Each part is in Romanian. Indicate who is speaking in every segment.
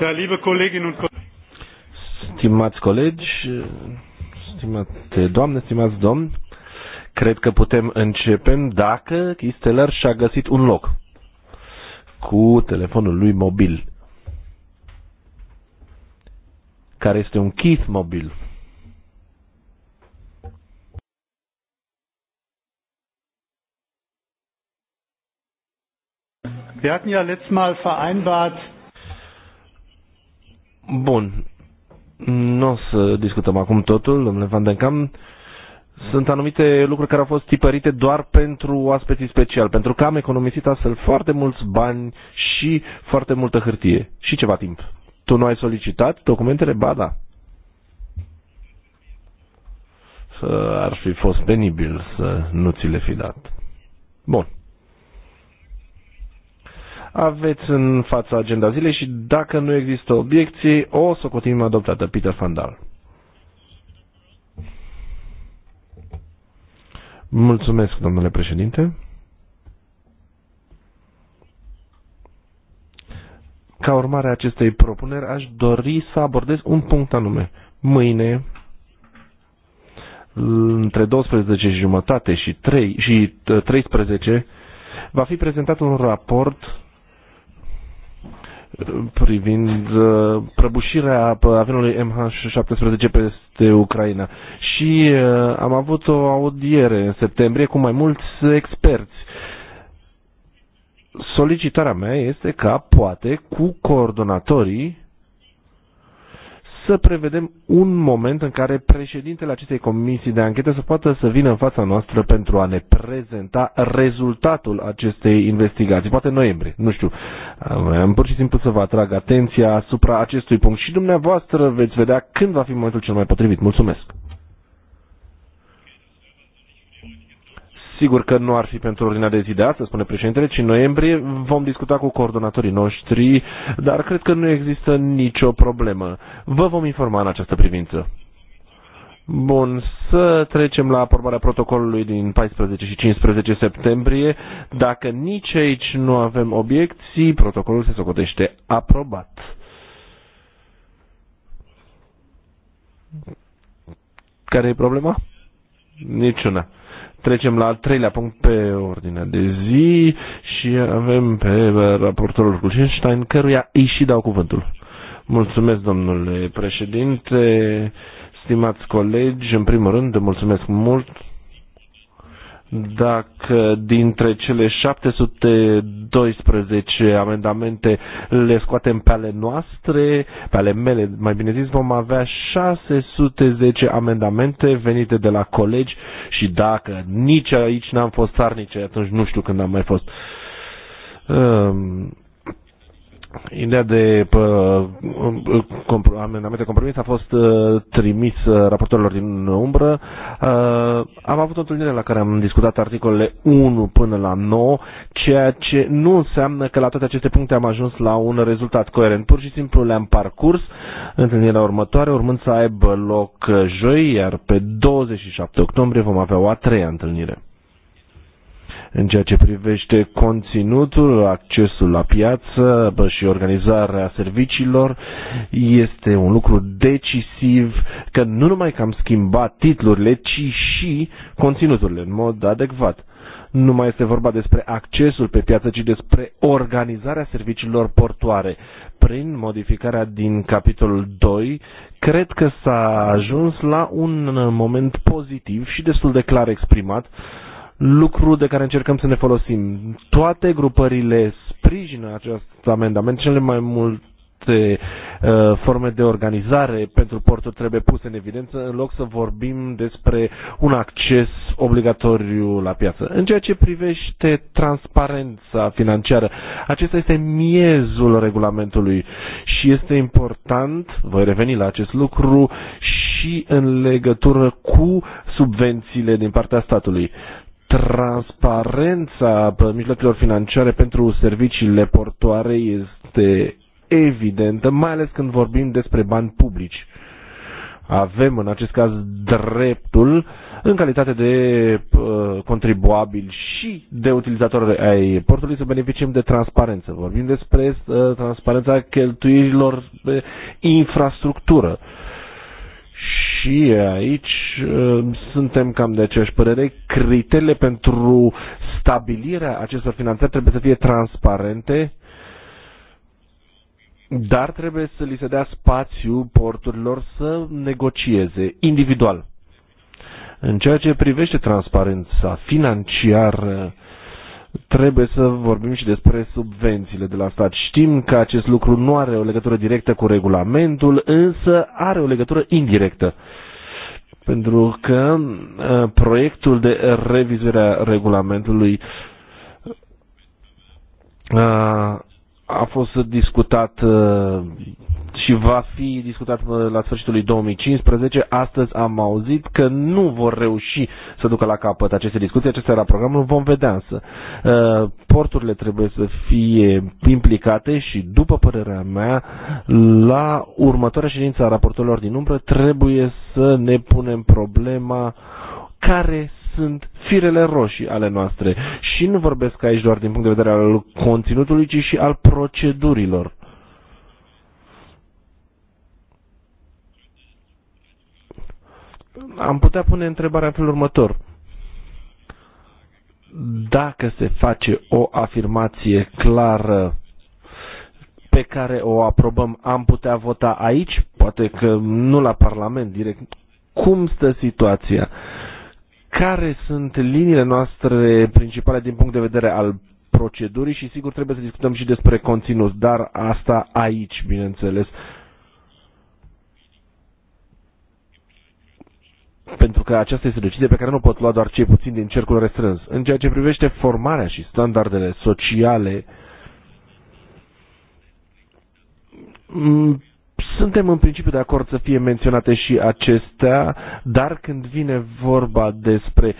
Speaker 1: Da,
Speaker 2: stimați colegi, stimate doamne, stimați domn, cred că putem începe, dacă Chisteler și-a găsit un loc cu telefonul lui mobil, care este un Keith mobil.
Speaker 3: Wir hatten ja letztes Mal vereinbart. Bun.
Speaker 2: Nu o să discutăm acum totul, domnule Van den Kamp. Sunt anumite lucruri care au fost tipărite doar pentru aspecții special, pentru că am economisit astfel foarte mulți bani și foarte multă hârtie și ceva timp. Tu nu ai solicitat documentele? Ba da. Ar fi fost penibil să nu ți le fi dat. Bun aveți în fața agenda zilei și dacă nu există obiecții, o să continuăm adoptată. Peter Fandal. Mulțumesc, domnule președinte. Ca urmare a acestei propuneri, aș dori să abordez un punct anume. Mâine, între 12 și jumătate și, 3, și 13, va fi prezentat un raport privind uh, prăbușirea uh, avionului MH17 peste Ucraina. Și uh, am avut o audiere în septembrie cu mai mulți experți solicitarea mea este ca, poate, cu coordonatorii să prevedem un moment în care președintele acestei comisii de anchetă să poată să vină în fața noastră pentru a ne prezenta rezultatul acestei investigații, poate noiembrie, nu știu. Am pur și simplu să vă atrag atenția asupra acestui punct și dumneavoastră veți vedea când va fi momentul cel mai potrivit. Mulțumesc! Sigur că nu ar fi pentru ordinea de zi de astăzi, spune președintele, ci în noiembrie vom discuta cu coordonatorii noștri, dar cred că nu există nicio problemă. Vă vom informa în această privință. Bun, să trecem la aprobarea protocolului din 14 și 15 septembrie. Dacă nici aici nu avem obiecții, protocolul se socotește aprobat. Care e problema? Niciuna. Trecem la al treilea punct pe ordinea de zi și avem pe raportorul Kulchenstein, căruia îi și dau cuvântul. Mulțumesc, domnule președinte, stimați colegi, în primul rând, mulțumesc mult dacă dintre cele 712 amendamente le scoatem pe ale noastre, pe ale mele, mai bine zis, vom avea 610 amendamente venite de la colegi și dacă nici aici n-am fost sarnice, atunci nu știu când am mai fost. Um Ideea de amendament de compromis a fost uh, trimis uh, raportorilor din umbră. Uh, am avut o întâlnire la care am discutat articolele 1 până la 9, ceea ce nu înseamnă că la toate aceste puncte am ajuns la un rezultat coerent. Pur și simplu le-am parcurs întâlnirea următoare, urmând să aibă loc joi, iar pe 27 octombrie vom avea o a treia întâlnire în ceea ce privește conținutul, accesul la piață și organizarea serviciilor, este un lucru decisiv că nu numai că am schimbat titlurile, ci și conținuturile în mod adecvat. Nu mai este vorba despre accesul pe piață, ci despre organizarea serviciilor portoare. Prin modificarea din capitolul 2, cred că s-a ajuns la un moment pozitiv și destul de clar exprimat uh, lucru de care încercăm să ne folosim. Toate grupările sprijină acest amendament, cele mai mult uh, forme de organizare pentru porturi trebuie puse în evidență în loc să vorbim despre un acces obligatoriu la piață. În ceea ce privește transparența financiară, acesta este miezul regulamentului și este important, voi reveni la acest lucru, și în legătură cu subvențiile din partea statului transparența mijloacelor financiare pentru serviciile portoare este evidentă, mai ales când vorbim despre bani publici. Avem în acest caz dreptul, în calitate de uh, contribuabil și de utilizator ai portului, să beneficiem de transparență. Vorbim despre uh, transparența cheltuirilor de infrastructură. Uh, și aici uh, suntem cam de aceeași părere. Criteriile pentru stabilirea acestor finanțări trebuie să fie transparente, dar trebuie să li se dea spațiu porturilor să negocieze individual. În ceea ce privește transparența financiară, trebuie să vorbim și despre subvențiile de la stat. Știm că acest lucru nu are o legătură directă cu regulamentul, însă are o legătură indirectă. Pentru că uh, proiectul de revizuire a regulamentului uh, a fost discutat uh, și va fi discutat uh, la sfârșitul lui 2015. Astăzi am auzit că nu vor reuși să ducă la capăt aceste discuții. Acesta era programul, vom vedea însă. Uh, porturile trebuie să fie implicate și, după părerea mea, la următoarea ședință a raportorilor din umbră trebuie să ne punem problema care sunt firele roșii ale noastre. Și nu vorbesc aici doar din punct de vedere al conținutului, ci și al procedurilor. Am putea pune întrebarea în felul următor dacă se face o afirmație clară pe care o aprobăm, am putea vota aici, poate că nu la Parlament direct. Cum stă situația? care sunt liniile noastre principale din punct de vedere al procedurii și sigur trebuie să discutăm și despre conținut, dar asta aici, bineînțeles. Pentru că aceasta este decizie pe care nu pot lua doar cei puțin din cercul restrâns. În ceea ce privește formarea și standardele sociale, mm, suntem în principiu de acord să fie menționate și acestea dar când vine vorba despre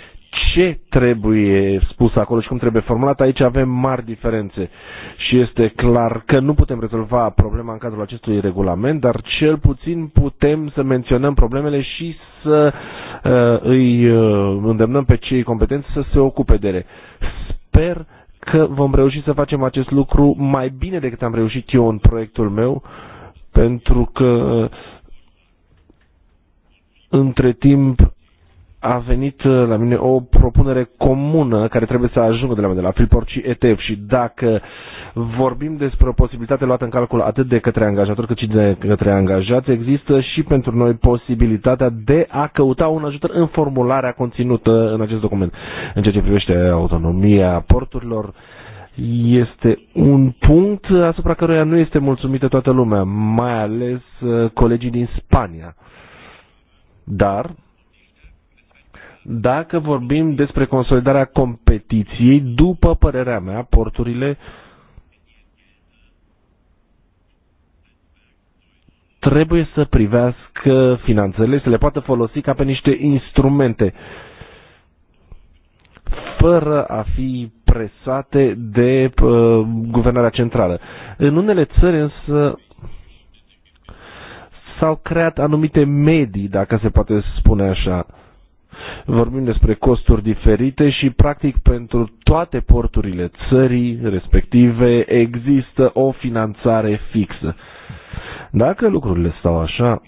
Speaker 2: ce trebuie spus acolo și cum trebuie formulat, aici avem mari diferențe. Și este clar că nu putem rezolva problema în cadrul acestui regulament, dar cel puțin putem să menționăm problemele și să uh, îi uh, îndemnăm pe cei competenți să se ocupe de ele. Sper că vom reuși să facem acest lucru mai bine decât am reușit eu în proiectul meu, pentru că uh, între timp a venit uh, la mine o propunere comună care trebuie să ajungă de la mine, de la Freeport și ETF și dacă vorbim despre o posibilitate luată în calcul atât de către angajator cât și de către angajați, există și pentru noi posibilitatea de a căuta un ajutor în formularea conținută în acest document. În ceea ce privește autonomia porturilor, este un punct asupra căruia nu este mulțumită toată lumea, mai ales uh, colegii din Spania. Dar, dacă vorbim despre consolidarea competiției, după părerea mea, porturile trebuie să privească finanțele, să le poată folosi ca pe niște instrumente, fără a fi presate de uh, guvernarea centrală. În unele țări însă s-au creat anumite medii, dacă se poate spune așa. Vorbim despre costuri diferite și, practic, pentru toate porturile țării respective există o finanțare fixă. Dacă lucrurile stau așa,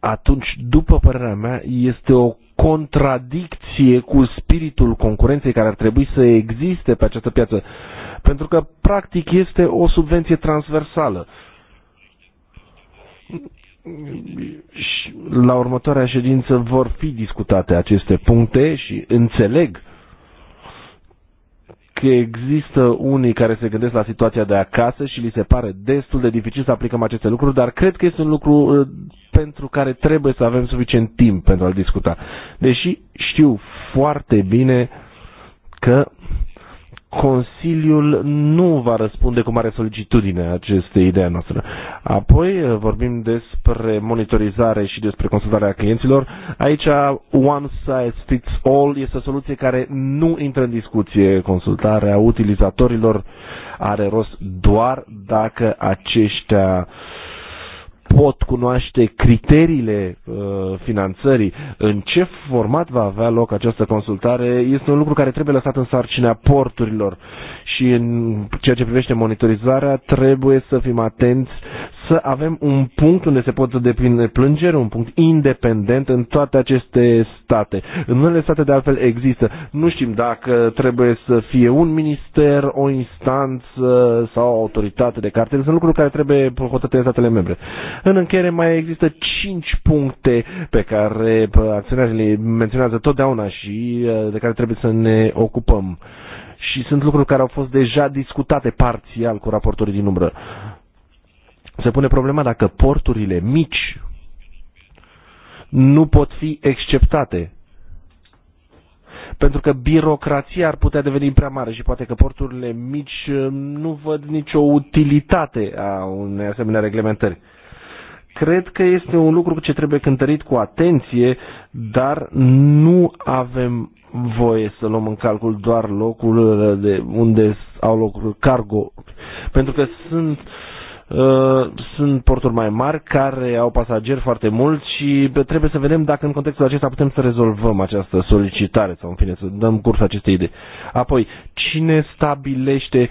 Speaker 2: atunci, după părerea mea, este o contradicție cu spiritul concurenței care ar trebui să existe pe această piață. Pentru că, practic, este o subvenție transversală la următoarea ședință vor fi discutate aceste puncte și înțeleg că există unii care se gândesc la situația de acasă și li se pare destul de dificil să aplicăm aceste lucruri, dar cred că este un lucru uh, pentru care trebuie să avem suficient timp pentru a-l discuta. Deși știu foarte bine că Consiliul nu va răspunde cu mare solicitudine aceste idei noastre. Apoi eh, vorbim despre monitorizare și despre consultarea clienților. Aici one size fits all este o soluție care nu intră în discuție. Consultarea utilizatorilor are rost doar dacă aceștia uh, pot cunoaște criteriile uh, finanțării, în ce format va avea loc această consultare, este un lucru care trebuie lăsat în sarcinea porturilor și în ceea ce privește monitorizarea trebuie să fim atenți să avem un punct unde se pot depune plângeri, un punct independent în toate aceste state. În unele state de altfel există. Nu știm dacă trebuie să fie un minister, o instanță sau o autoritate de cartel. Sunt lucruri care trebuie hotărâte în statele membre. În încheiere mai există cinci puncte pe care acționarii menționează totdeauna și uh, de care trebuie să ne ocupăm și sunt lucruri care au fost deja discutate parțial cu raportorii din umbră. Uh, se pune problema dacă porturile mici nu pot fi exceptate. Pentru că birocrația ar putea deveni prea mare și poate că porturile mici uh, nu văd nicio utilitate a unei asemenea reglementări cred că este un lucru ce trebuie cântărit cu atenție, dar nu avem voie să luăm în calcul doar locul de unde au loc cargo, pentru că sunt Uh, sunt porturi mai mari care au pasageri foarte mulți și trebuie să vedem dacă în contextul acesta putem să rezolvăm această solicitare sau în fine să dăm curs acestei idei. Apoi, cine stabilește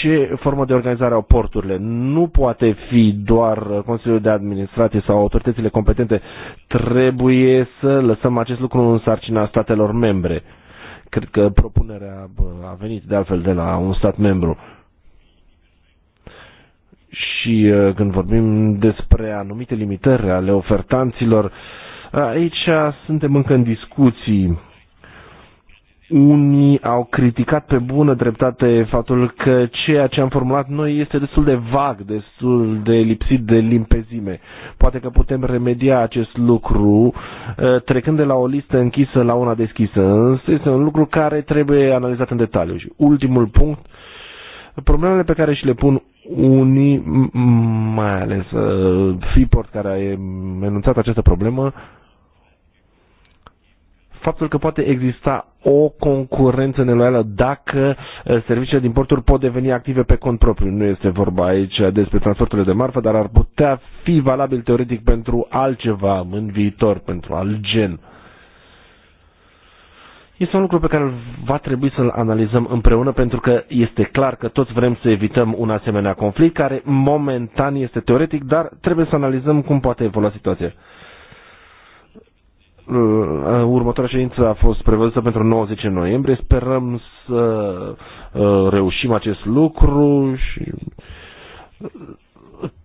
Speaker 2: ce formă de organizare au porturile? Nu poate fi doar Consiliul de Administrație sau autoritățile competente. Trebuie să lăsăm acest lucru în sarcina statelor membre. Cred că propunerea a venit de altfel de la un stat membru. Uh, și uh, când vorbim despre anumite limitări ale ofertanților, aici suntem încă în discuții. Unii au criticat pe bună dreptate faptul că ceea ce am formulat noi este destul de vag, destul de lipsit de limpezime. Poate că putem remedia acest lucru uh, trecând de la o listă închisă la una deschisă. Însă este un lucru care trebuie analizat în detaliu. Și ultimul punct, problemele pe care și le pun unii, mai ales uh, Freeport care a enunțat această problemă, faptul că poate exista o concurență neloială dacă uh, serviciile din porturi pot deveni active pe cont propriu. Nu este vorba aici despre transporturile de marfă, dar ar putea fi valabil teoretic pentru altceva în viitor, pentru alt gen. Este un lucru pe care va trebui să-l analizăm împreună pentru că este clar că toți vrem să evităm un asemenea conflict care momentan este teoretic, dar trebuie să analizăm cum poate evolua situația. Uh, următoarea ședință a fost prevăzută pentru 90 noiembrie. Sperăm să uh, reușim acest lucru și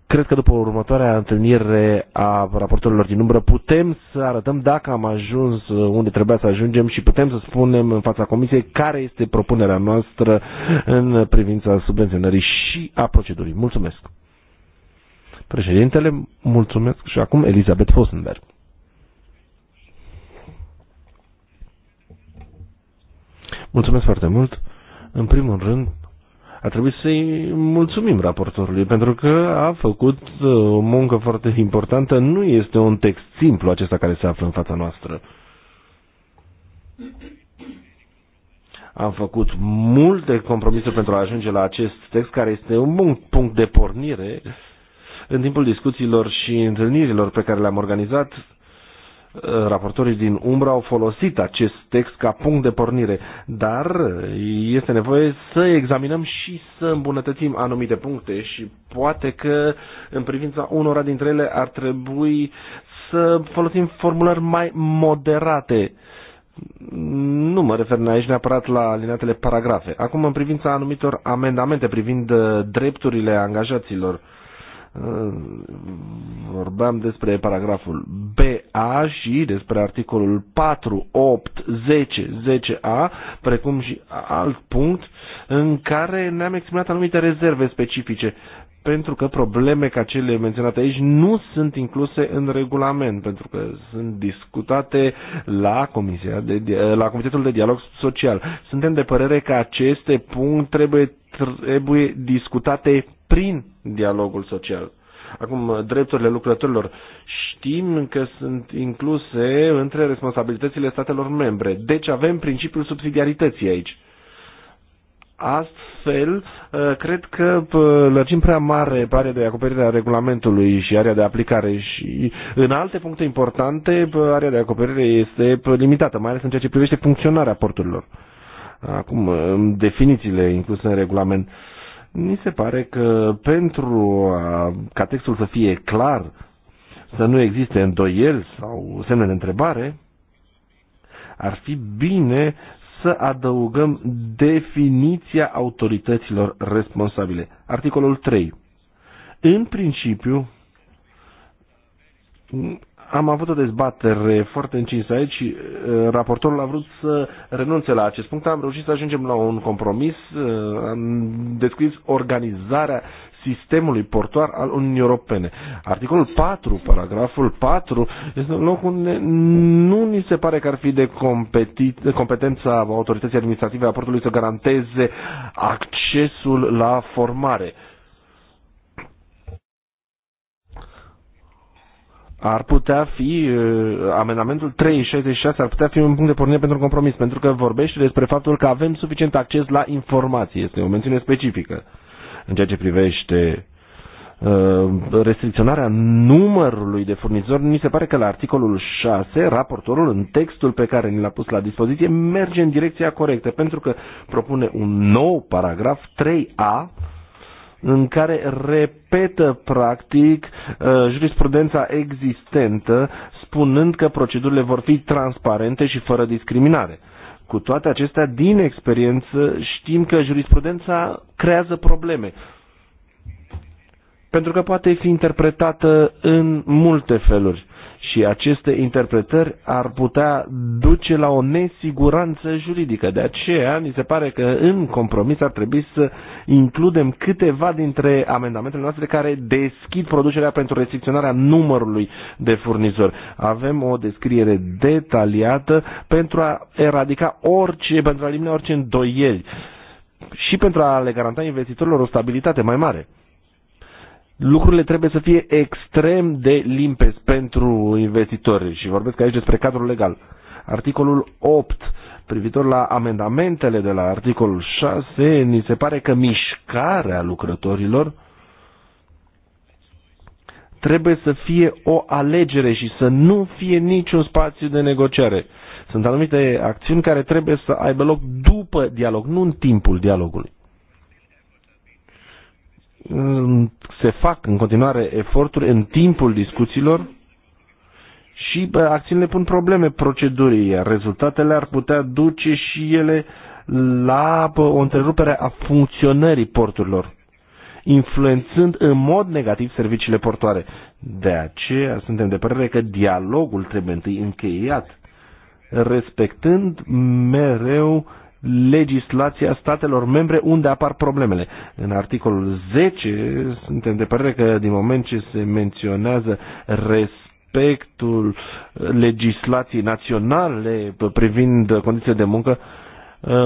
Speaker 2: Cred că după următoarea întâlnire a raportorilor din umbră putem să arătăm dacă am ajuns unde trebuia să ajungem și putem să spunem în fața Comisiei care este propunerea noastră în privința subvenționării și a procedurii. Mulțumesc! Președintele, mulțumesc și acum Elizabeth Fosenberg. Mulțumesc foarte mult. În primul rând, a trebuit să-i mulțumim raportorului pentru că a făcut uh, o muncă foarte importantă. Nu este un text simplu acesta care se află în fața noastră. Am făcut multe compromise pentru a ajunge la acest text care este un bun punct de pornire în timpul discuțiilor și întâlnirilor pe care le-am organizat raportorii din Umbra au folosit acest text ca punct de pornire, dar este nevoie să examinăm și să îmbunătățim anumite puncte și poate că în privința unora dintre ele ar trebui să folosim formulări mai moderate. Nu mă refer aici neapărat la alineatele paragrafe. Acum, în privința anumitor amendamente privind drepturile angajaților, uh, vorbeam despre paragraful BA și despre articolul 4, 8, 10, 10A, precum și alt punct în care ne-am exprimat anumite rezerve specifice pentru că probleme ca cele menționate aici nu sunt incluse în regulament, pentru că sunt discutate la, comisia de, la Comitetul de Dialog Social. Suntem de părere că aceste puncte trebuie, trebuie discutate prin dialogul social. Acum, drepturile lucrătorilor. Știm că sunt incluse între responsabilitățile statelor membre. Deci avem principiul subsidiarității aici. Astfel, uh, cred că uh, lărgim prea mare pare de acoperire a regulamentului și area de aplicare și în alte puncte importante uh, area de acoperire este limitată, mai ales în ceea ce privește funcționarea porturilor. Acum, definițiile incluse în regulament. Uh, Ni se pare că pentru a, ca textul să fie clar, să nu existe îndoieli sau semne de întrebare, ar fi bine să adăugăm definiția autorităților responsabile. Articolul 3. În principiu, am avut o dezbatere foarte încinsă aici și uh, raportorul a vrut să renunțe la acest punct. Am reușit să ajungem la un compromis. Uh, am descris organizarea sistemului portuar al Uniunii Europene. Articolul 4, paragraful 4, este un loc unde nu ni se pare că ar fi de competența autorității administrative a portului să garanteze accesul la formare. ar putea fi, amendamentul 366 ar putea fi un punct de pornire pentru compromis, pentru că vorbește despre faptul că avem suficient acces la informații. Este o mențiune specifică în ceea ce privește restricționarea numărului de furnizori, mi se pare că la articolul 6, raportorul, în textul pe care ni l-a pus la dispoziție, merge în direcția corectă, pentru că propune un nou paragraf 3A, în care repetă practic uh, jurisprudența existentă, spunând că procedurile vor fi transparente și fără discriminare. Cu toate acestea, din experiență, știm că jurisprudența creează probleme, pentru că poate fi interpretată în multe feluri și aceste interpretări ar putea duce la o nesiguranță juridică. De aceea, mi se pare că în compromis ar trebui să includem câteva dintre amendamentele noastre care deschid producerea pentru restricționarea numărului de furnizori. Avem o descriere detaliată pentru a eradica orice, pentru a elimina orice îndoieli și pentru a le garanta investitorilor o stabilitate mai mare lucrurile trebuie să fie extrem de limpezi pentru investitori și vorbesc aici despre cadrul legal. Articolul 8 privitor la amendamentele de la articolul 6, ni se pare că mișcarea lucrătorilor trebuie să fie o alegere și să nu fie niciun spațiu de negociare. Sunt anumite acțiuni care trebuie să aibă loc după dialog, nu în timpul dialogului se fac în continuare eforturi în timpul discuțiilor și bă, acțiunile pun probleme procedurii, iar rezultatele ar putea duce și ele la bă, o întrerupere a funcționării porturilor, influențând în mod negativ serviciile portoare. De aceea suntem de părere că dialogul trebuie întâi încheiat, respectând mereu uh, legislația statelor membre unde apar problemele. În articolul 10 suntem de părere că din moment ce se menționează respectul legislației naționale privind condițiile de muncă,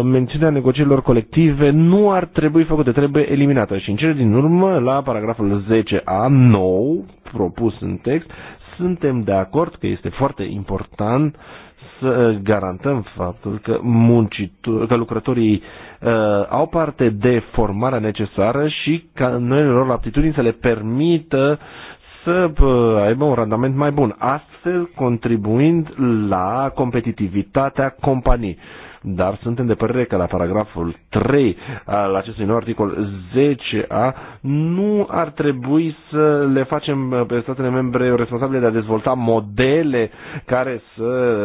Speaker 2: mențiunea negocierilor colective nu ar trebui făcută, trebuie eliminată. Și în cele din urmă, la paragraful 10a, nou, propus în text, suntem de acord că este foarte important uh, să uh, garantăm faptul că, muncitor, că lucrătorii uh, au parte de formarea necesară și ca lor aptitudini să le permită să uh, aibă un randament mai bun, astfel contribuind la competitivitatea companiei dar suntem de părere că la paragraful 3 al acestui nou articol 10a nu ar trebui să le facem uh, pe statele membre responsabile de a dezvolta modele care să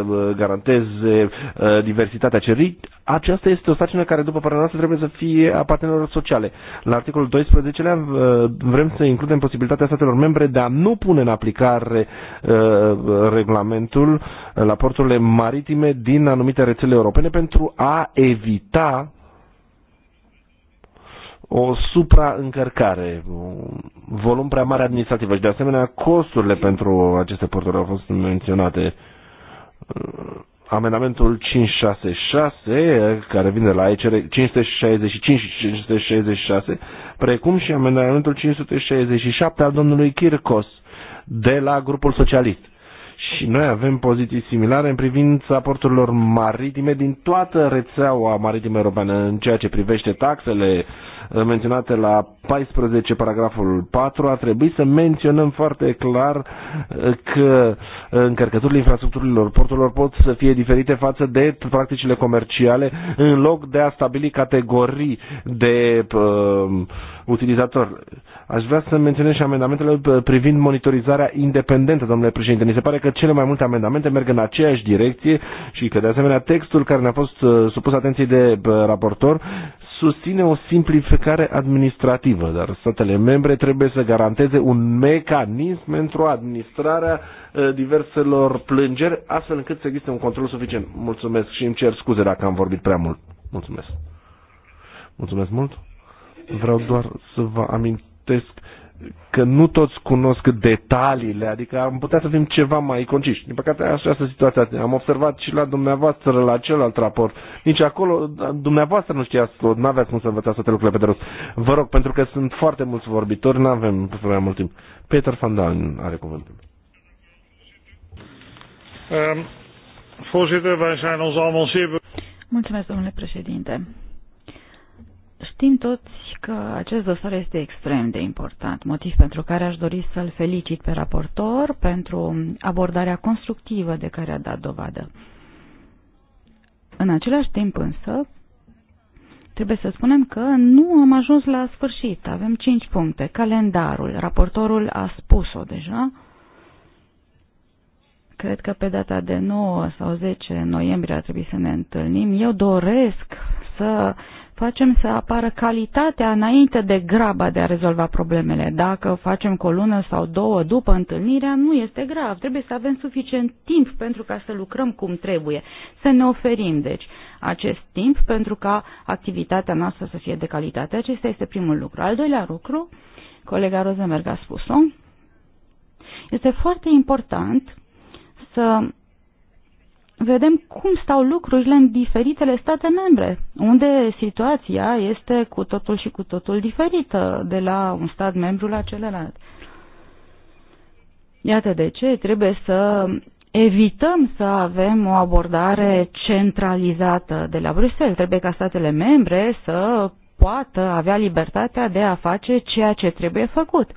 Speaker 2: uh, garanteze uh, diversitatea cerit. Aceasta este o sarcină care, după părerea noastră, trebuie să fie a partenerilor sociale. La articolul 12 vrem să includem posibilitatea statelor membre de a nu pune în aplicare regulamentul la porturile maritime din anumite rețele europene pentru pentru a evita o supraîncărcare, un volum prea mare administrativ și de asemenea costurile pentru aceste porturi au fost menționate. Amendamentul 566, care vine de la ECR 565 și 566, precum și amendamentul 567 al domnului Kirkos de la grupul socialist și noi avem poziții similare în privința porturilor maritime din toată rețeaua maritimă europeană în ceea ce privește taxele eh, menționate la 14 paragraful 4 ar trebui să menționăm foarte clar eh, că eh, încărcăturile infrastructurilor porturilor pot să fie diferite față de practicile comerciale în loc de a stabili categorii de uh, utilizatori Aș vrea să menționez și amendamentele privind monitorizarea independentă, domnule președinte. Mi se pare că cele mai multe amendamente merg în aceeași direcție și că, de asemenea, textul care ne-a fost uh, supus atenției de uh, raportor susține o simplificare administrativă, dar statele membre trebuie să garanteze un mecanism pentru administrarea uh, diverselor plângeri, astfel încât să existe un control suficient. Mulțumesc și îmi cer scuze dacă am vorbit prea mult. Mulțumesc. Mulțumesc mult. Vreau doar să vă amintesc amintesc că nu toți cunosc detaliile, adică am putea să fim ceva mai conciși. Din păcate, așa este situația. Am observat și la dumneavoastră, la celălalt raport. Nici acolo, dumneavoastră nu știați, nu aveați cum să învățați toate lucrurile pe de rost. Vă rog, pentru că sunt foarte mulți vorbitori, nu avem prea mult timp. Peter van Dalen are cuvântul.
Speaker 1: Um,
Speaker 3: Mulțumesc, domnule președinte. Știm toți că acest dosar este extrem de important, motiv pentru care aș dori să-l felicit pe raportor pentru abordarea constructivă de care a dat dovadă. În același timp însă, trebuie să spunem că nu am ajuns la sfârșit. Avem cinci puncte. Calendarul, raportorul a spus-o deja. Cred că pe data de 9 sau 10 noiembrie ar trebui să ne întâlnim. Eu doresc să facem să apară calitatea înainte de graba de a rezolva problemele. Dacă facem cu o lună sau două după întâlnirea, nu este grav. Trebuie să avem suficient timp pentru ca să lucrăm cum trebuie. Să ne oferim, deci, acest timp pentru ca activitatea noastră să fie de calitate. Acesta este primul lucru. Al doilea lucru, colega Rosenberg a spus-o, este foarte important să vedem cum stau lucrurile în diferitele state membre, unde situația este cu totul și cu totul diferită de la un stat membru la celălalt. Iată de ce trebuie să evităm să avem o abordare centralizată de la Bruxelles. Trebuie ca statele membre să poată avea libertatea de a face ceea ce trebuie făcut.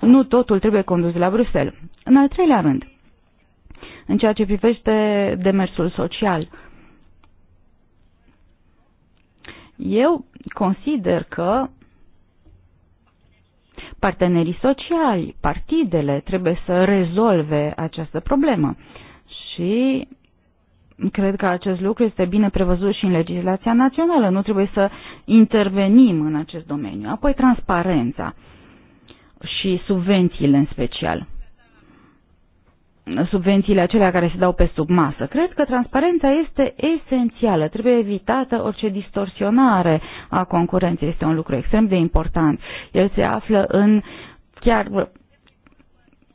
Speaker 3: Nu totul trebuie condus la Bruxelles. În al treilea rând, în ceea ce privește demersul social. Eu consider că partenerii sociali, partidele trebuie să rezolve această problemă și cred că acest lucru este bine prevăzut și în legislația națională. Nu trebuie să intervenim în acest domeniu. Apoi transparența și subvențiile în special subvențiile acelea care se dau pe sub masă. Cred că transparența este esențială. Trebuie evitată orice distorsionare a concurenței. Este un lucru extrem de important. El se află în chiar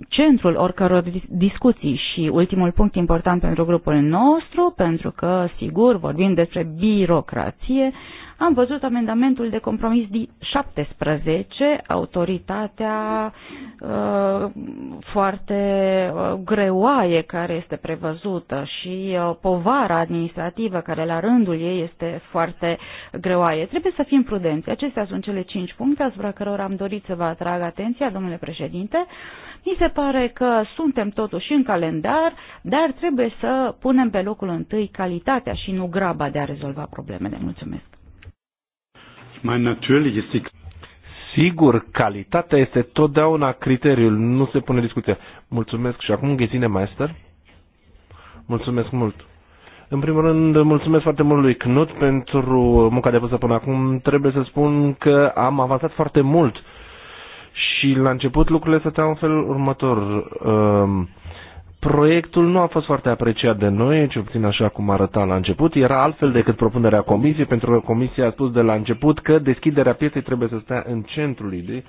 Speaker 3: centrul oricăror discuții și ultimul punct important pentru grupul nostru, pentru că, sigur, vorbim despre birocrație, am văzut amendamentul de compromis din 17, autoritatea uh, foarte uh, greoaie care este prevăzută și uh, povara administrativă care la rândul ei este foarte greoaie. Trebuie să fim prudenți. Acestea sunt cele cinci puncte asupra cărora am dorit să vă atrag atenția, domnule președinte. Mi se pare că suntem totuși în calendar, dar trebuie să punem pe locul întâi calitatea și nu graba de a rezolva problemele. Mulțumesc!
Speaker 2: Sigur, calitatea este totdeauna criteriul, nu se pune discuția. Mulțumesc și acum Ghezine Meister. Mulțumesc mult. În primul rând, mulțumesc foarte mult lui Knut pentru munca de până acum. Trebuie să spun că am avansat foarte mult și la început lucrurile stăteau în felul următor. Uh, Proiectul nu a fost foarte apreciat de noi, ce obțin așa cum arăta la început. Era altfel decât propunerea comisiei, pentru că comisia a spus de la început că deschiderea pieței trebuie să stea în centrul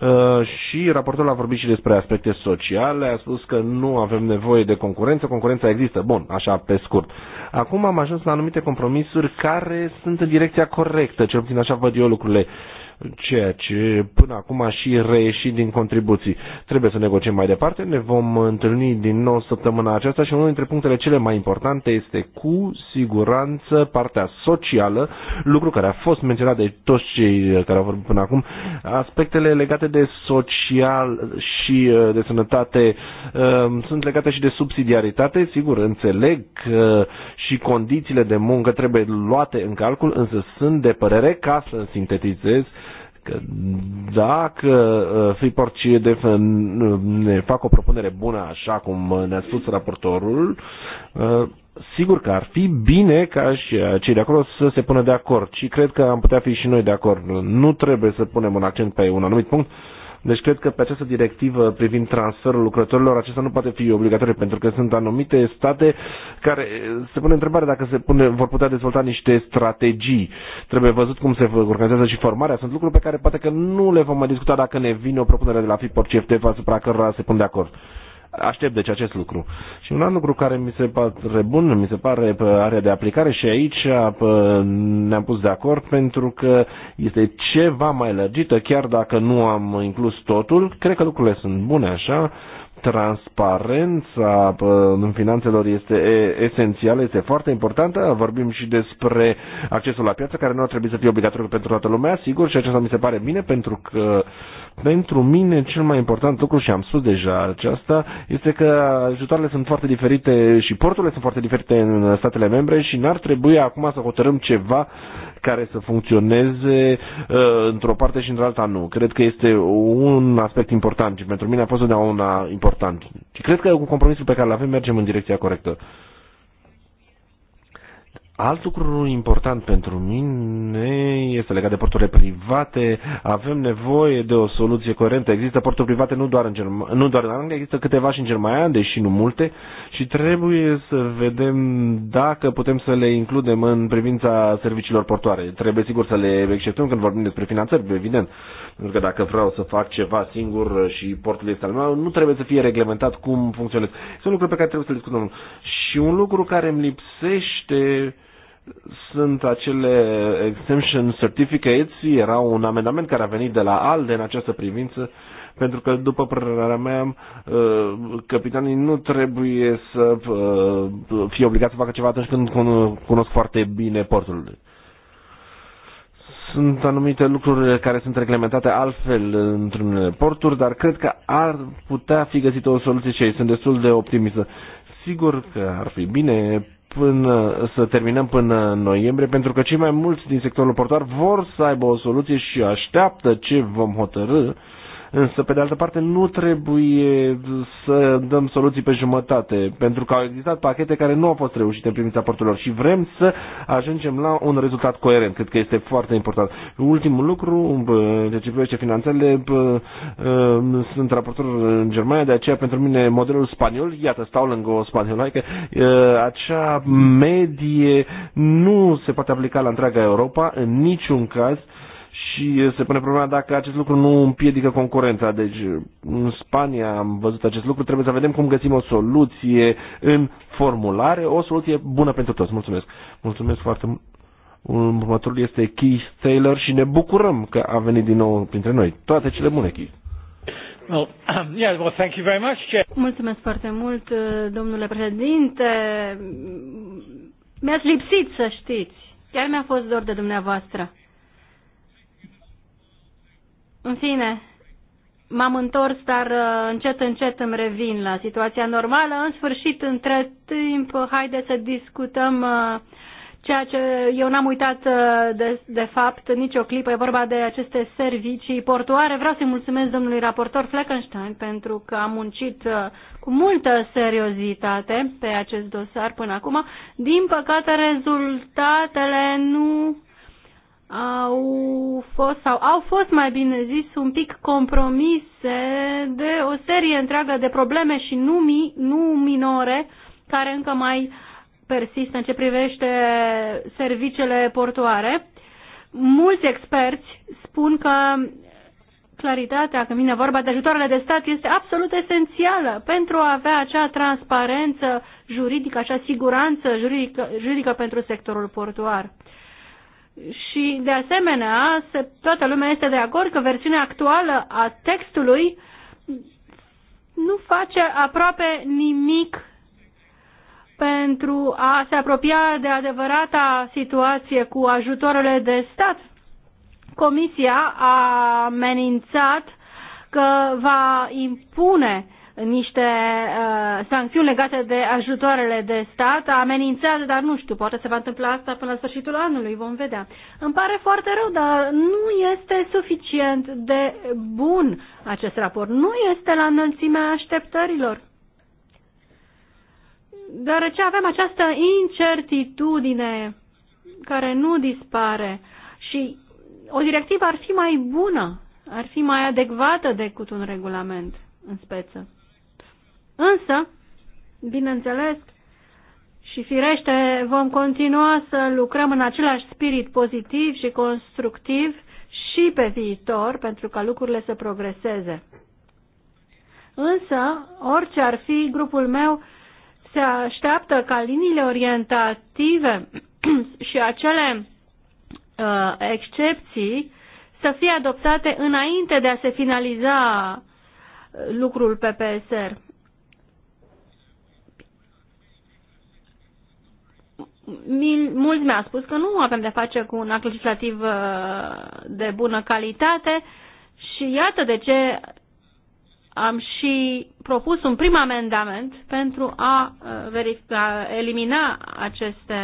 Speaker 2: Uh, și raportul a vorbit și despre aspecte sociale, a spus că nu avem nevoie de concurență, concurența există. Bun, așa pe scurt. Acum am ajuns la anumite compromisuri care sunt în direcția corectă, cel puțin așa văd eu lucrurile. Uh, ceea ce până acum a și reieșit din contribuții. Trebuie să negociem mai departe, ne vom întâlni din nou săptămâna aceasta și unul dintre punctele cele mai importante este cu siguranță partea socială, lucru care a fost menționat de toți cei care au vorbit până acum, aspectele legate de social și uh, de sănătate um, sunt legate și de subsidiaritate, sigur, înțeleg că și condițiile de muncă trebuie luate în calcul, însă sunt de părere, ca să sintetizez, că dacă uh, Freeport și EDF uh, ne fac o propunere bună, așa cum ne-a spus raportorul, uh, sigur că ar fi bine ca și cei de acolo să se pună de acord și cred că am putea fi și noi de acord. Nu trebuie să punem un accent pe un anumit punct, deci cred că pe această directivă privind transferul lucrătorilor, acesta nu poate fi obligatoriu, pentru că sunt anumite state care se pune întrebare dacă se pune, vor putea dezvolta niște strategii. Trebuie văzut cum se organizează și formarea. Sunt lucruri pe care poate că nu le vom mai discuta dacă ne vine o propunere de la FIPOR CFTF asupra cărora se pun de acord. Aștept deci acest lucru. Și un alt lucru care mi se pare bun, mi se pare uh, are de aplicare și aici uh, ne-am pus de acord pentru că este ceva mai lărgită, chiar dacă nu am inclus totul. Cred că lucrurile sunt bune așa transparența în finanțelor este esențială, este foarte importantă. Vorbim și despre accesul la piață, care nu ar trebui să fie obligatoriu pentru toată lumea, sigur, și aceasta mi se pare bine, pentru că pentru mine cel mai important lucru, și am spus deja aceasta, este că ajutoarele sunt foarte diferite și porturile sunt foarte diferite în statele membre și n-ar trebui acum să hotărâm ceva care să funcționeze uh, într-o parte și într-alta nu. Cred că este un aspect important și pentru mine a fost întotdeauna important. Și cred că cu compromisul pe care îl avem mergem în direcția corectă. Alt lucru important pentru mine este legat de porturile private. Avem nevoie de o soluție coerentă. Există porturi private nu doar în, Germa- nu doar în Anglia, există câteva și în Germania, deși nu multe, și trebuie să vedem dacă putem să le includem în privința serviciilor portoare. Trebuie sigur să le exceptăm când vorbim despre finanțări, evident. Pentru că dacă vreau să fac ceva singur și portul este al meu, nu trebuie să fie reglementat cum funcționează. Sunt lucruri pe care trebuie să le discutăm. Și un lucru care îmi lipsește sunt acele exemption certificates, era un amendament care a venit de la ALDE în această privință, pentru că, după părerea mea, uh, capitanii nu trebuie să uh, fie obligați să facă ceva atunci când cunosc foarte bine portul. Sunt anumite lucruri care sunt reglementate altfel într un porturi, dar cred că ar putea fi găsită o soluție și ei sunt destul de optimistă. Sigur că ar fi bine până, să terminăm până noiembrie, pentru că cei mai mulți din sectorul portuar vor să aibă o soluție și așteaptă ce vom hotărâ Însă, pe de altă parte, nu trebuie să dăm soluții pe jumătate, pentru că au existat pachete care nu au fost reușite în primița porturilor și vrem să ajungem la un rezultat coerent. Cred că este foarte important. Ultimul lucru, de ce privește finanțele, ă, sunt raportor în Germania, de aceea pentru mine modelul spaniol, iată, stau lângă o spaniolaică, ă, acea medie nu se poate aplica la întreaga Europa în niciun caz uh, și eh, se pune problema dacă acest lucru nu împiedică concurența. Deci în Spania am văzut acest lucru, trebuie să vedem cum găsim o soluție în formulare, o soluție bună pentru toți. Mulțumesc! Mulțumesc foarte mult! Următorul este Keith Taylor și ne bucurăm că a venit din nou printre noi. Toate cele bune, Keith!
Speaker 1: Well, yeah, well, thank you very much, Mulțumesc foarte mult, eh, domnule președinte. Mi-ați lipsit, să știți. Chiar mi-a fost dor de dumneavoastră. În fine, m-am întors, dar uh, încet, încet îmi revin la situația normală. În sfârșit, între timp, haide să discutăm uh, ceea ce eu n-am uitat uh, de, de fapt nici o clipă. E vorba de aceste servicii portoare. Vreau să-i mulțumesc domnului raportor Fleckenstein pentru că a muncit cu multă seriozitate pe acest dosar până acum. Din păcate, rezultatele nu au fost sau au fost mai bine zis un pic compromise de o serie întreagă de probleme și nu, mi, nu minore care încă mai persistă în ce privește serviciile portoare. Mulți experți spun că claritatea când vine vorba de ajutoarele de stat este absolut esențială pentru a avea acea transparență juridică, acea siguranță juridică, juridică pentru sectorul portuar. Și, de asemenea, se, toată lumea este de acord că versiunea actuală a textului nu face aproape nimic pentru a se apropia de adevărata situație cu ajutoarele de stat. Comisia a amenințat că va impune uh, niște uh, sancțiuni legate de ajutoarele de stat, amenințează, dar nu știu, poate se va întâmpla asta până la sfârșitul anului, vom vedea. Îmi pare foarte rău, dar nu este suficient de bun acest raport. Nu este la înălțimea așteptărilor. Deoarece avem această incertitudine care nu dispare și o directivă ar fi mai bună, ar fi mai adecvată decât un regulament în speță. Însă, bineînțeles, și firește, vom continua să lucrăm în același spirit pozitiv și constructiv și pe viitor pentru ca lucrurile să progreseze. Însă, orice ar fi, grupul meu se așteaptă ca liniile orientative și acele uh, excepții să fie adoptate înainte de a se finaliza lucrul PPSR. mulți mi-au spus că nu avem de face cu un act legislativ uh, de bună calitate și iată de ce am și propus un prim amendament pentru a, uh, verifica, a elimina aceste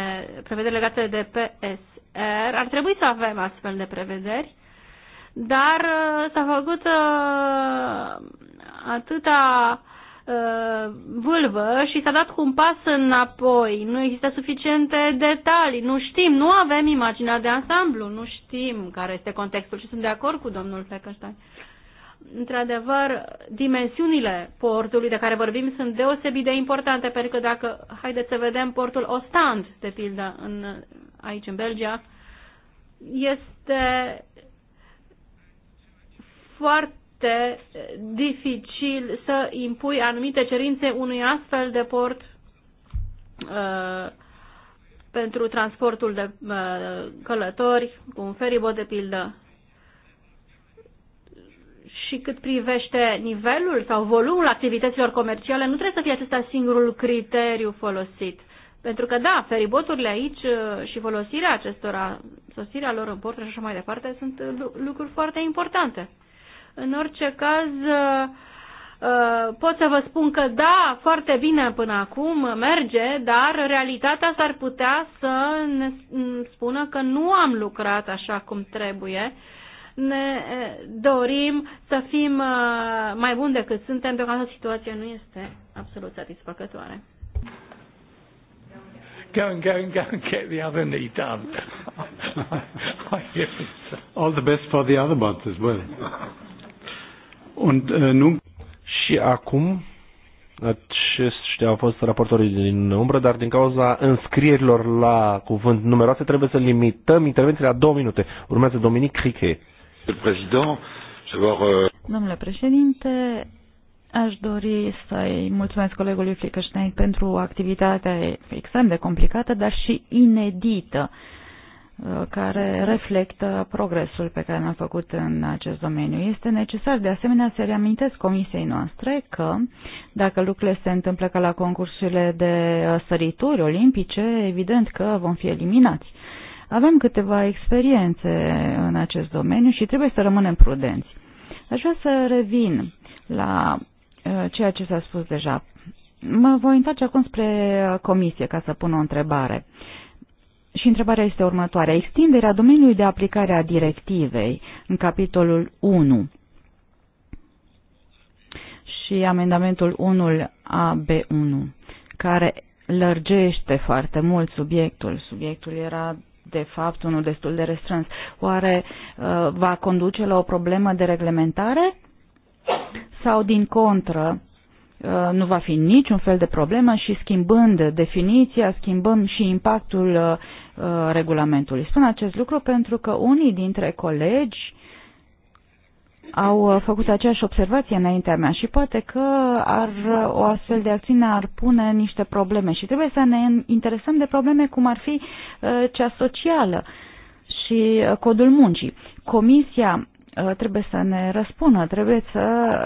Speaker 1: prevederi legate de PSR. Ar trebui să avem astfel de prevederi, dar uh, s-a făcut atâta Uh, vâlvă și s-a dat cu un pas înapoi. Nu există suficiente detalii, nu știm, nu avem imaginea de ansamblu, nu știm care este contextul și sunt de acord cu domnul Fleckenstein. Într-adevăr, dimensiunile portului de care vorbim sunt deosebit de importante, pentru că dacă, haideți să vedem portul Ostand, de pildă, în, aici în Belgia, este foarte este dificil să impui anumite cerințe unui astfel de port uh, pentru transportul de uh, călători, cu un feribot de pildă. Și cât privește nivelul sau volumul activităților comerciale, nu trebuie să fie acesta singurul criteriu folosit. Pentru că, da, feriboturile aici uh, și folosirea acestora, sosirea lor în port și așa mai departe, sunt lucruri foarte importante. În orice caz, uh, uh, pot să vă spun că da, foarte bine până acum merge, dar realitatea s-ar putea să ne spună că nu am lucrat așa cum trebuie. Ne eh, dorim să fim uh, mai buni decât suntem, deoarece situația nu este absolut satisfăcătoare. Go and go and go and get the other knee done. All the best for the other month as well. Und, äh, uh, nun... Și acum aceștia
Speaker 2: au fost raportorii din umbră, dar din cauza înscrierilor la cuvânt numeroase trebuie să limităm intervenția la două minute. Urmează Dominic Criche.
Speaker 1: Euh,
Speaker 3: Domnule președinte, aș dori să-i mulțumesc colegului Flicăștein pentru activitatea extrem de complicată, dar și inedită Uh, care reflectă progresul pe care l-am făcut în acest domeniu. Este necesar de asemenea să reamintesc comisiei noastre că dacă lucrurile se întâmplă ca la concursurile de uh, sărituri olimpice, evident că vom fi eliminați. Avem câteva experiențe în acest domeniu și trebuie să rămânem prudenți. Aș vrea să revin la uh, ceea ce s-a spus deja. Mă voi întoarce acum spre comisie ca să pun o întrebare. Și întrebarea este următoarea. Extinderea domeniului de aplicare a directivei în capitolul 1 și amendamentul 1 AB1, care lărgește foarte mult subiectul. Subiectul era de fapt unul destul de restrâns. Oare uh, va conduce la o problemă de reglementare? Sau din contră, Uh, nu va fi niciun fel de problemă și schimbând definiția, schimbăm și impactul uh, regulamentului. Spun acest lucru pentru că unii dintre colegi au uh, făcut aceeași observație înaintea mea și poate că ar, o astfel de acțiune ar pune niște probleme și trebuie să ne interesăm de probleme cum ar fi cea socială și codul muncii. Comisia Uh, trebuie să ne răspună, trebuie să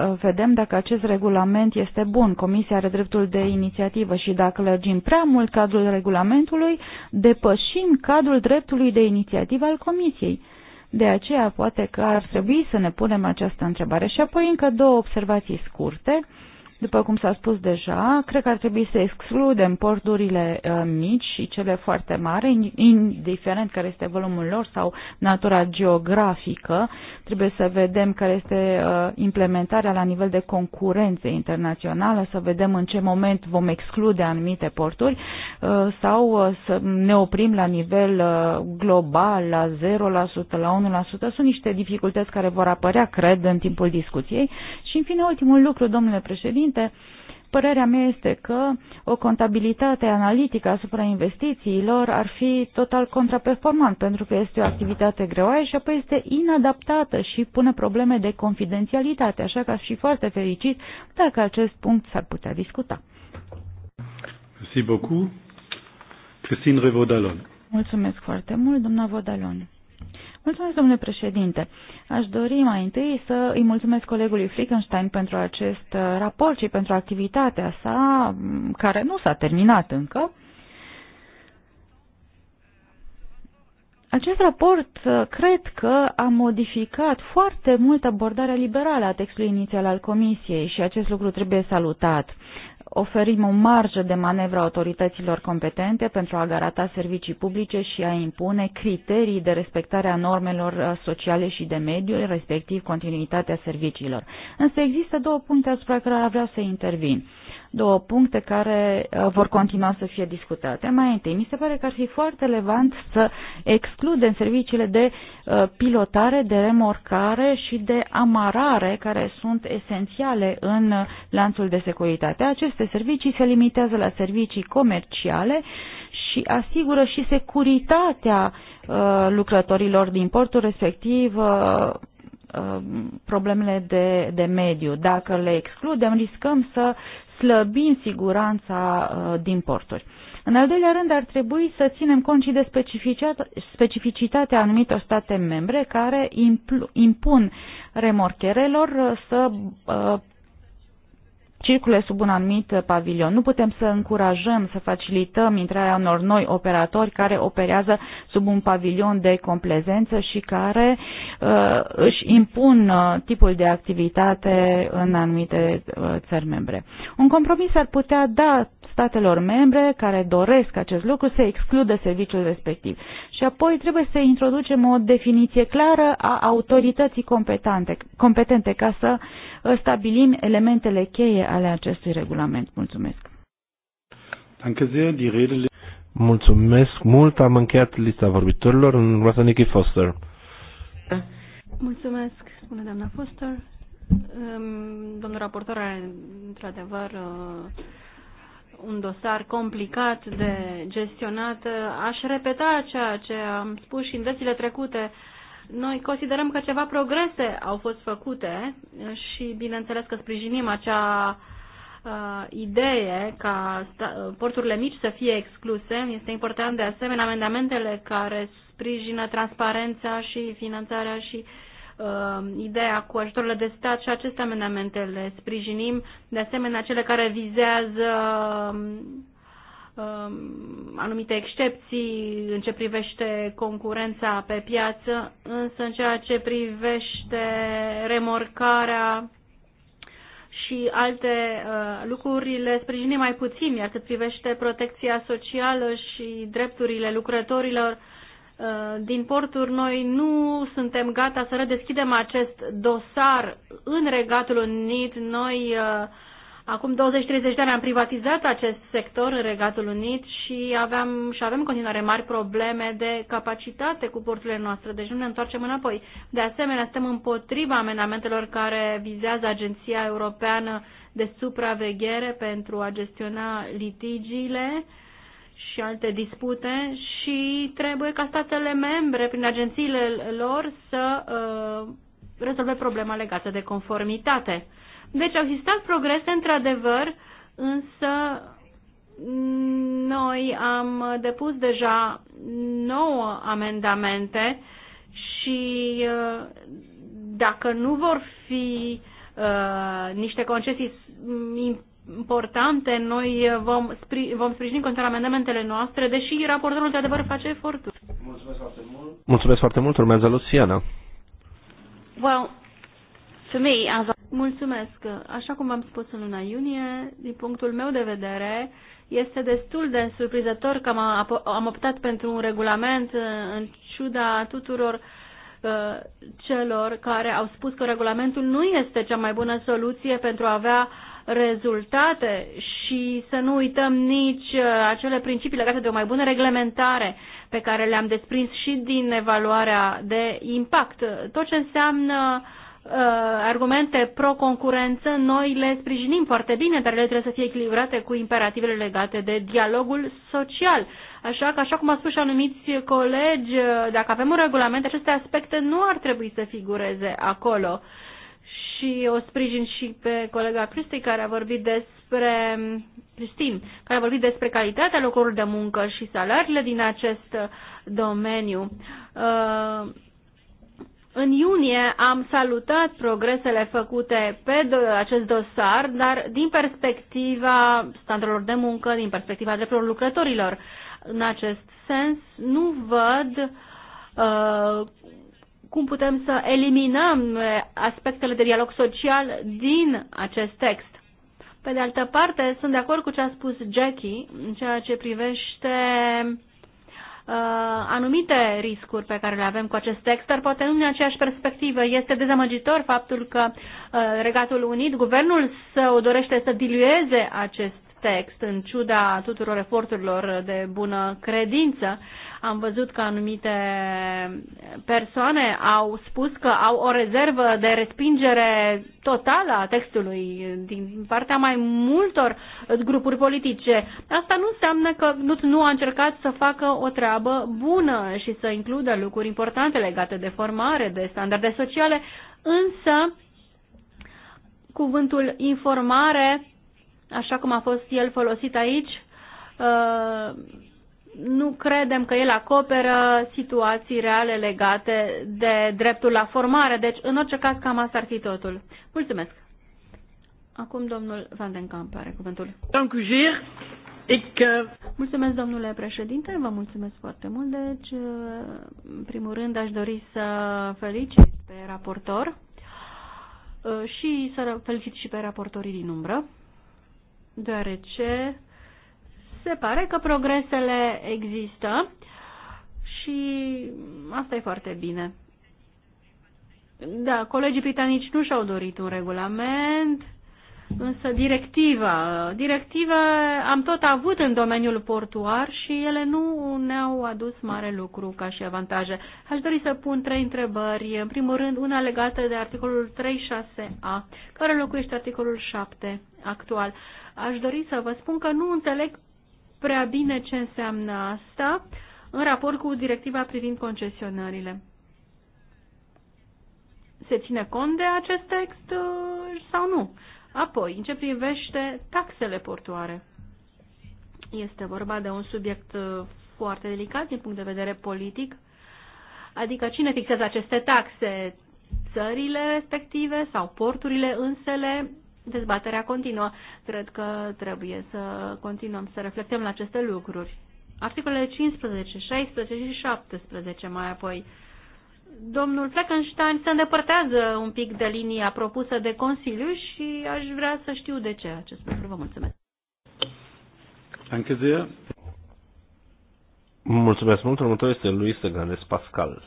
Speaker 3: uh, vedem dacă acest regulament este bun. Comisia are dreptul de inițiativă și dacă lărgim prea mult cadrul regulamentului, depășim cadrul dreptului de inițiativă al Comisiei. De aceea poate că ar trebui să ne punem această întrebare. Și apoi încă două observații scurte. Uh, după cum s-a spus deja, cred că ar trebui să excludem porturile uh, mici și cele foarte mari, indiferent care este volumul lor sau natura geografică. Trebuie să vedem care este uh, implementarea la nivel de concurență internațională, să vedem în ce moment vom exclude anumite porturi uh, sau să ne oprim la nivel global, la 0%, la 1%. Sunt niște dificultăți care vor apărea, cred, în timpul discuției. Și, în fine, ultimul lucru, domnule președinte, înainte, părerea mea este că o contabilitate analitică asupra investițiilor ar fi total contraperformant, pentru că este o activitate greoaie și apoi este inadaptată și pune probleme de confidențialitate, așa că aș fi foarte fericit dacă acest punct s-ar putea discuta. Mulțumesc foarte mult, doamna Vodalon. Mulțumesc, domnule președinte. Aș dori mai întâi să îi mulțumesc colegului Flickenstein pentru acest uh, raport și pentru activitatea sa, care nu s-a terminat încă. Acest raport uh, cred că a modificat foarte mult abordarea liberală a textului inițial al Comisiei și acest lucru trebuie salutat oferim o marjă de manevră autorităților competente pentru a garanta servicii publice și a impune criterii de respectare a normelor uh, sociale și de mediu, respectiv continuitatea serviciilor. Însă există două puncte asupra care vreau să intervin două puncte care uh, vor continua să fie discutate. Mai întâi, mi se pare că ar fi foarte relevant să excludem serviciile de uh, pilotare, de remorcare și de amarare care sunt esențiale în uh, lanțul de securitate. Aceste servicii se limitează la servicii comerciale și asigură și securitatea lucrătorilor din portul respectiv problemele de, de mediu. Dacă le excludem, riscăm să slăbind siguranța uh, din porturi. În al doilea rând, ar trebui să ținem cont și de specificitatea anumitor state membre care impun remorcherelor uh, să uh, circule sub un anumit pavilion. Nu putem să încurajăm, să facilităm intrarea unor noi operatori care operează sub un pavilion de complezență și care uh, își impun uh, tipul de activitate în anumite uh, țări membre. Un compromis ar putea da statelor membre care doresc acest lucru să excludă serviciul respectiv. Și apoi trebuie să introducem o definiție clară a autorității competente, competente ca să uh, stabilim elementele cheie ale acestui regulament. Mulțumesc!
Speaker 2: Mulțumesc mult, am încheiat lista vorbitorilor în roata Nicky Foster.
Speaker 1: Mulțumesc, spune doamna Foster. Domnul raportor are într-adevăr uh, un dosar complicat de gestionat, aș repeta ceea ce am spus și în desile trecute. Noi considerăm că ceva progrese au fost făcute și bineînțeles că sprijinim acea uh, idee ca sta, porturile mici să fie excluse. Este important de asemenea amendamentele care sprijină transparența și finanțarea și uh, uh, ideea cu ajutorul de stat și aceste amendamente le sprijinim. De asemenea, cele care vizează uh, anumite excepții în ce privește concurența pe piață, însă în ceea ce privește remorcarea și alte uh, lucruri le sprijinim mai puțin, iar cât privește protecția socială și drepturile lucrătorilor, uh, Uh, din porturi, noi nu suntem gata să redeschidem acest dosar în Regatul Unit. Noi uh, acum 20-30 de ani am privatizat acest sector în Regatul Unit și aveam și avem în continuare mari probleme de capacitate cu porturile noastre, deci nu ne întoarcem înapoi. De asemenea, suntem împotriva amendamentelor care vizează Agenția Europeană de Supraveghere pentru a gestiona litigiile. Uh, și alte dispute și trebuie ca statele membre, prin agențiile lor, să uh, rezolve problema legată de conformitate. Deci au existat progrese, într-adevăr, însă noi am depus deja nouă amendamente și uh, dacă nu vor fi uh, niște concesii importante, noi vom, spri, vom sprijini continuare amendamentele noastre, deși raportorul de adevăr face eforturi. Mulțumesc
Speaker 2: foarte mult. Mulțumesc foarte mult. Urmează Luciana.
Speaker 1: Well, for me, as a... Mulțumesc. Așa cum v-am spus în luna iunie, din punctul meu de vedere, este destul de surprizător că am, am optat pentru un regulament uh, în ciuda tuturor uh, celor care au spus că regulamentul nu este cea mai bună soluție pentru a avea uh, rezultate și să nu uităm nici uh, acele principii legate de o mai bună reglementare pe care le-am desprins și din evaluarea de impact. Tot ce înseamnă uh, argumente pro-concurență, noi le sprijinim foarte bine, dar ele trebuie să fie echilibrate cu imperativele legate de dialogul social. Așa că, așa cum au spus și anumiți colegi, uh, dacă avem un regulament, aceste aspecte nu ar trebui să figureze acolo. Uh, și o sprijin și pe colega Cristi care a vorbit despre Cristin, care a vorbit despre calitatea locurilor de muncă și salariile din acest uh, domeniu. Uh, în iunie am salutat progresele făcute pe acest dosar, dar din perspectiva standardelor de muncă, din perspectiva drepturilor lucrătorilor. În acest sens, nu văd uh, cum putem să eliminăm eh, aspectele de dialog social din acest text. Pe de altă parte, sunt de acord cu ce a spus Jackie în ceea ce privește uh, anumite riscuri pe care le avem cu acest text, dar poate nu în aceeași perspectivă. Este dezamăgitor faptul că uh, Regatul Unit, guvernul său dorește să dilueze acest text în ciuda tuturor eforturilor de bună credință. Am văzut că anumite persoane au spus că au o rezervă de respingere totală a textului din partea mai multor grupuri politice. Asta nu înseamnă că nu, nu a încercat să facă o treabă bună și să includă lucruri importante legate de formare, de standarde sociale, însă cuvântul informare, așa cum a fost el folosit aici, uh, nu credem că el acoperă situații reale legate de dreptul la formare. Deci, în orice caz, cam asta ar fi totul. Mulțumesc. Acum domnul Van den Kamp are cuvântul. Eh, mulțumesc, domnule președinte, vă mulțumesc foarte mult. Deci, eh, în primul rând, aș dori să felicit pe raportor eh, și să felicit și pe raportorii din umbră, deoarece se pare că progresele există și asta e foarte bine. Da, colegii britanici nu și-au dorit un regulament, însă directiva. directiva am tot avut în domeniul portuar și ele nu ne-au adus mare lucru ca și avantaje. Aș dori să pun trei întrebări. În primul rând, una legată de articolul 36a, care locuiește articolul 7 actual. Aș dori să vă spun că nu înțeleg prea bine ce înseamnă asta în raport cu directiva privind concesionările. Se ține cont de acest text uh, sau nu? Apoi, în ce privește taxele portoare, este vorba de un subiect uh, foarte delicat din punct de vedere politic, adică cine fixează aceste taxe, țările respective sau porturile însele dezbaterea continuă. Cred că trebuie să continuăm să reflectăm la aceste lucruri. Articolele 15, 16 și 17 mai apoi. Domnul Fleckenstein se îndepărtează un pic de linia propusă de Consiliu și aș vrea să știu de ce acest lucru. Vă mulțumesc.
Speaker 2: Danke Mulțumesc mult. Următorul este Luis Grandes Pascal.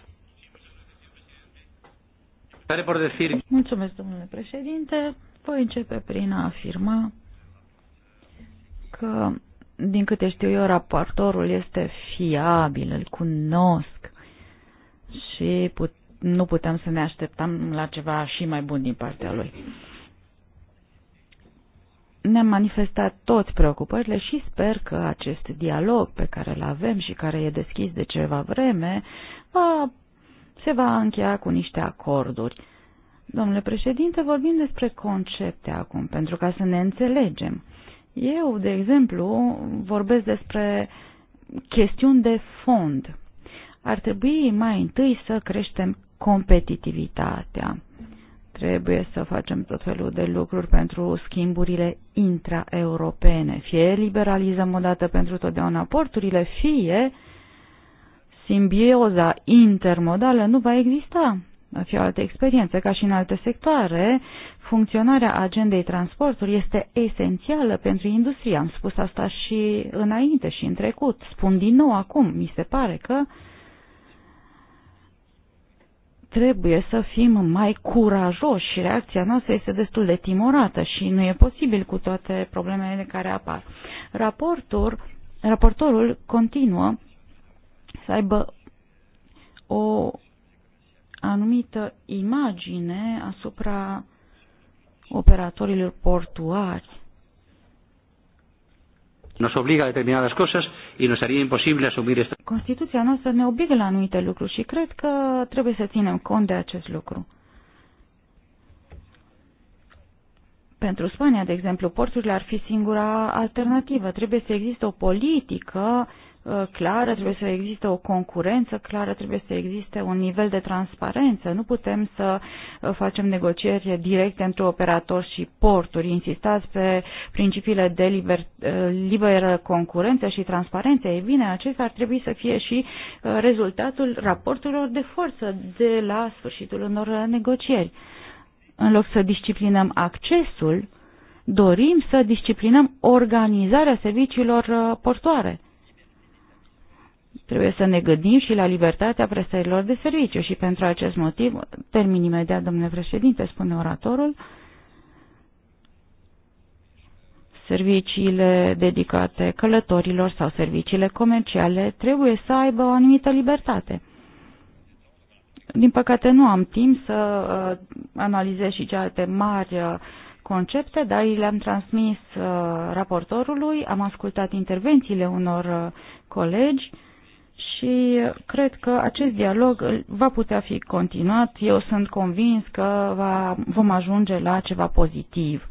Speaker 3: Mulțumesc, domnule președinte. Voi începe prin a afirma că, din câte știu eu, raportorul este fiabil, îl cunosc și put, nu putem să ne așteptăm la ceva și mai bun din partea lui. Ne-am manifestat toți preocupările și sper că acest dialog pe care îl avem și care e deschis de ceva vreme va, se va încheia cu niște acorduri Domnule președinte, vorbim despre concepte acum, pentru ca să ne înțelegem. Eu, de exemplu, vorbesc despre chestiuni de fond. Ar trebui mai întâi să creștem competitivitatea. Trebuie să facem tot felul de lucruri pentru schimburile intraeuropene. Fie liberalizăm odată pentru totdeauna porturile, fie simbioza intermodală nu va exista fie o altă experiență. Ca și în alte sectoare, funcționarea agendei transportului este esențială pentru industrie. Am spus asta și înainte și în trecut. Spun din nou acum, mi se pare că trebuie să fim mai curajoși și reacția noastră este destul de timorată și nu e posibil cu toate problemele care apar. Raportul, raportorul continuă să aibă o anumită imagine asupra operatorilor portuari.
Speaker 1: Nos obliga a determinadas cosas y nos haría imposible asumir esta.
Speaker 3: Constituția noastră ne obligă la anumite lucruri și cred că trebuie să ținem cont de acest lucru. Pentru Spania, de exemplu, porturile ar fi singura alternativă. Trebuie să existe o politică uh, Uh, clară, trebuie să existe o concurență clară, trebuie să existe un nivel de transparență. Nu putem să uh, facem negocieri directe între operatori și porturi. Insistați pe principiile de liber, uh, liberă concurență și transparență. Ei bine, acesta ar trebui să fie și rezultatul raporturilor de forță de la sfârșitul unor negocieri. În loc să disciplinăm accesul, dorim să disciplinăm organizarea serviciilor portoare Trebuie să ne gândim și la libertatea prestărilor de serviciu și pentru acest motiv, termin imediat, domnule președinte, spune oratorul, serviciile dedicate călătorilor sau serviciile comerciale trebuie să aibă o anumită libertate. Din păcate nu am timp să uh, analizez și cealaltă mari uh, concepte, dar le-am transmis uh, raportorului, am ascultat intervențiile unor colegi și cred că acest dialog va putea fi continuat. Eu sunt convins că va, vom ajunge la ceva pozitiv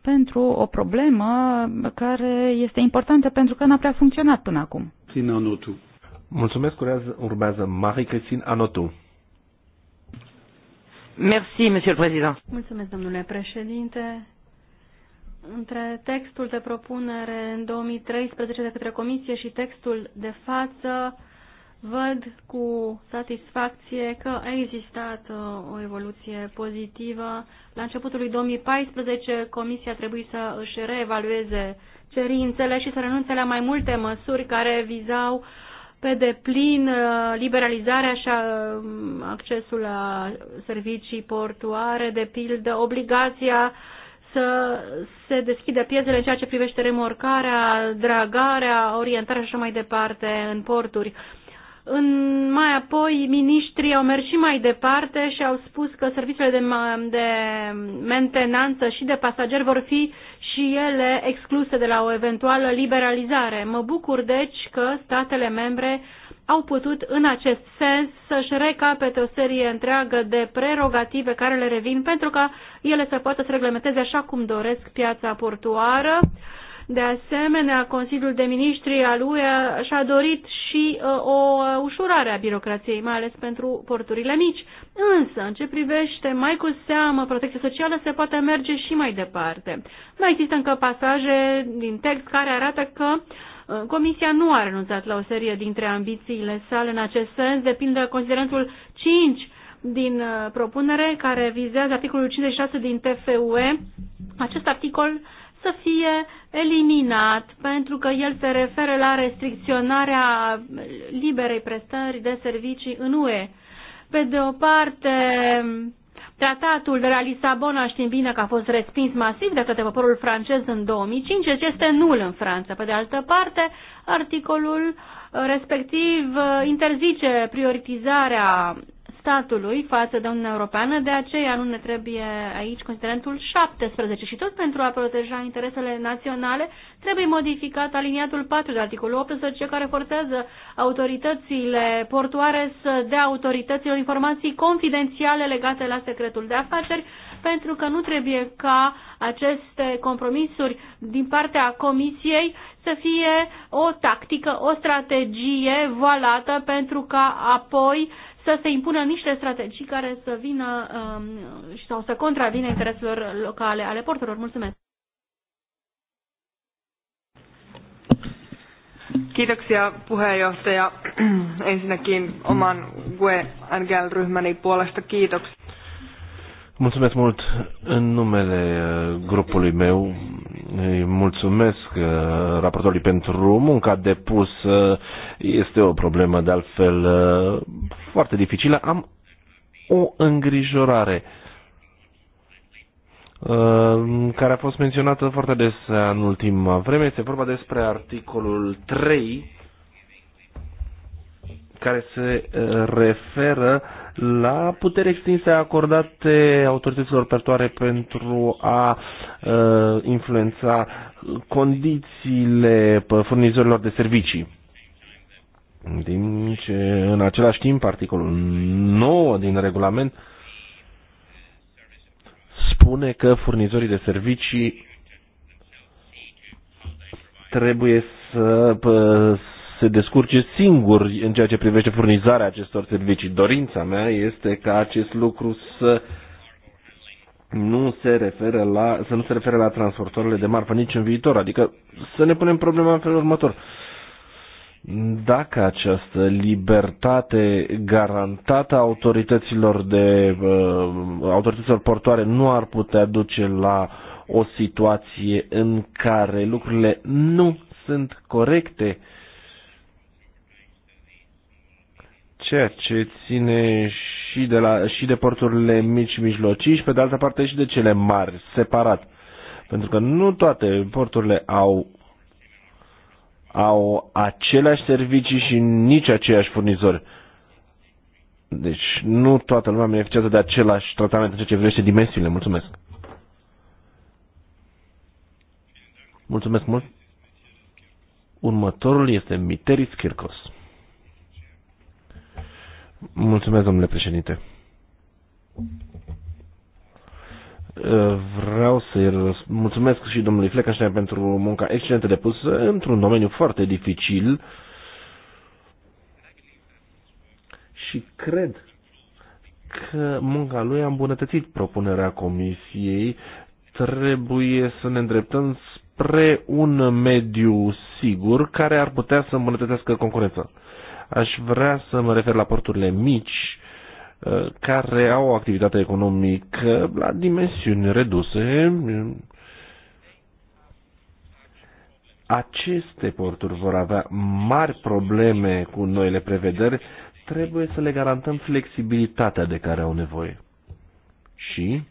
Speaker 3: pentru o problemă care este importantă pentru că n-a prea funcționat până acum.
Speaker 2: Mulțumesc, urează, urmează Marie-Christine Anotu.
Speaker 3: Merci, Monsieur le Président.
Speaker 1: Mulțumesc, domnule președinte între textul de propunere în 2013 de către Comisie și textul de față, văd cu satisfacție că a existat uh, o evoluție pozitivă. La începutul lui 2014, Comisia trebuie să își reevalueze cerințele și să renunțe la mai multe măsuri care vizau pe deplin uh, liberalizarea și uh, accesul la servicii portuare, de pildă obligația să se deschidă piețele în ceea ce privește remorcarea, dragarea, orientarea și așa mai departe în porturi. În, mai apoi, miniștrii au mers și mai departe și au spus că serviciile de, de mentenanță și de pasageri vor fi și ele excluse de la o eventuală liberalizare. Mă bucur, deci, că statele membre au putut în acest sens să-și recapete o serie întreagă de prerogative care le revin pentru ca ele să poată să reglementeze așa cum doresc piața portuară. De asemenea, Consiliul de Ministri al UE și-a dorit și uh, o ușurare a birocrației, mai ales pentru porturile mici. Însă, în ce privește mai cu seamă protecția socială, se poate merge și mai departe. Mai există încă pasaje din text care arată că uh, Comisia nu a renunțat la o serie dintre ambițiile sale în acest sens, de pildă considerentul 5 din uh, propunere care vizează articolul 56 din TFUE. Acest articol să fie eliminat pentru că el se referă la restricționarea liberei prestări de servicii în UE. Pe de o parte, Tratatul de la Lisabona, știm bine că a fost respins masiv de către poporul francez în 2005, deci este nul în Franța. Pe de altă parte, articolul respectiv uh, interzice prioritizarea statului față de Uniunea Europeană, de aceea nu ne trebuie aici considerentul 17 și tot pentru a proteja interesele naționale trebuie modificat aliniatul 4 de articolul 18 care forțează autoritățile portoare să dea autorităților informații confidențiale legate la secretul de afaceri pentru că nu trebuie ca aceste compromisuri din partea Comisiei să fie o tactică, o strategie valată pentru ca apoi să se impună niște strategii care să vină um, sau să contravină intereselor locale ale porturilor. Mulțumesc! Kiitoksia puheenjohtaja. Ensinnäkin oman GUE NGL-ryhmäni puolesta kiitoksia.
Speaker 2: Mulțumesc mult în numele uh, grupului meu. Îi mulțumesc uh, raportorului pentru munca depusă. Este o problemă de altfel uh, foarte dificilă. Am o îngrijorare uh, care a fost menționată foarte des în ultima vreme. Este vorba despre articolul 3 care se referă uh, la putere extinse acordate autorităților pertoare pentru a uh, influența condițiile furnizorilor de servicii. Din ce, în același timp, articolul 9 din regulament spune că furnizorii de servicii trebuie să se descurce singur în ceea ce privește furnizarea acestor servicii. Dorința mea este ca acest lucru să nu se referă la, să nu se referă la transportorile de marfă nici în viitor. Adică să ne punem problema în felul următor. Dacă această libertate garantată autorităților, de, uh, autorităților portoare nu ar putea duce la o situație în care lucrurile nu sunt corecte ceea ce ține și de, la, și de porturile mici și mijlocii și pe de altă parte și de cele mari, separat. Pentru că nu toate porturile au au aceleași servicii și nici aceiași furnizori. Deci nu toată lumea beneficiază de același tratament în ceea ce privește dimensiunile. Mulțumesc. Mulțumesc mult. Următorul este Miteris Kirkos. Mulțumesc, domnule președinte. Uh, vreau să-i mulțumesc și domnului Fleckenstein pentru munca excelentă depusă într-un domeniu foarte dificil și cred că munca lui a îmbunătățit propunerea comisiei. Trebuie să ne îndreptăm spre un mediu sigur care ar putea să îmbunătățească concurența. Aș vrea să mă refer la porturile mici, uh, care au o activitate economică la dimensiuni reduse. Aceste porturi vor avea mari probleme cu noile prevederi. Trebuie să le garantăm flexibilitatea de care au nevoie. Și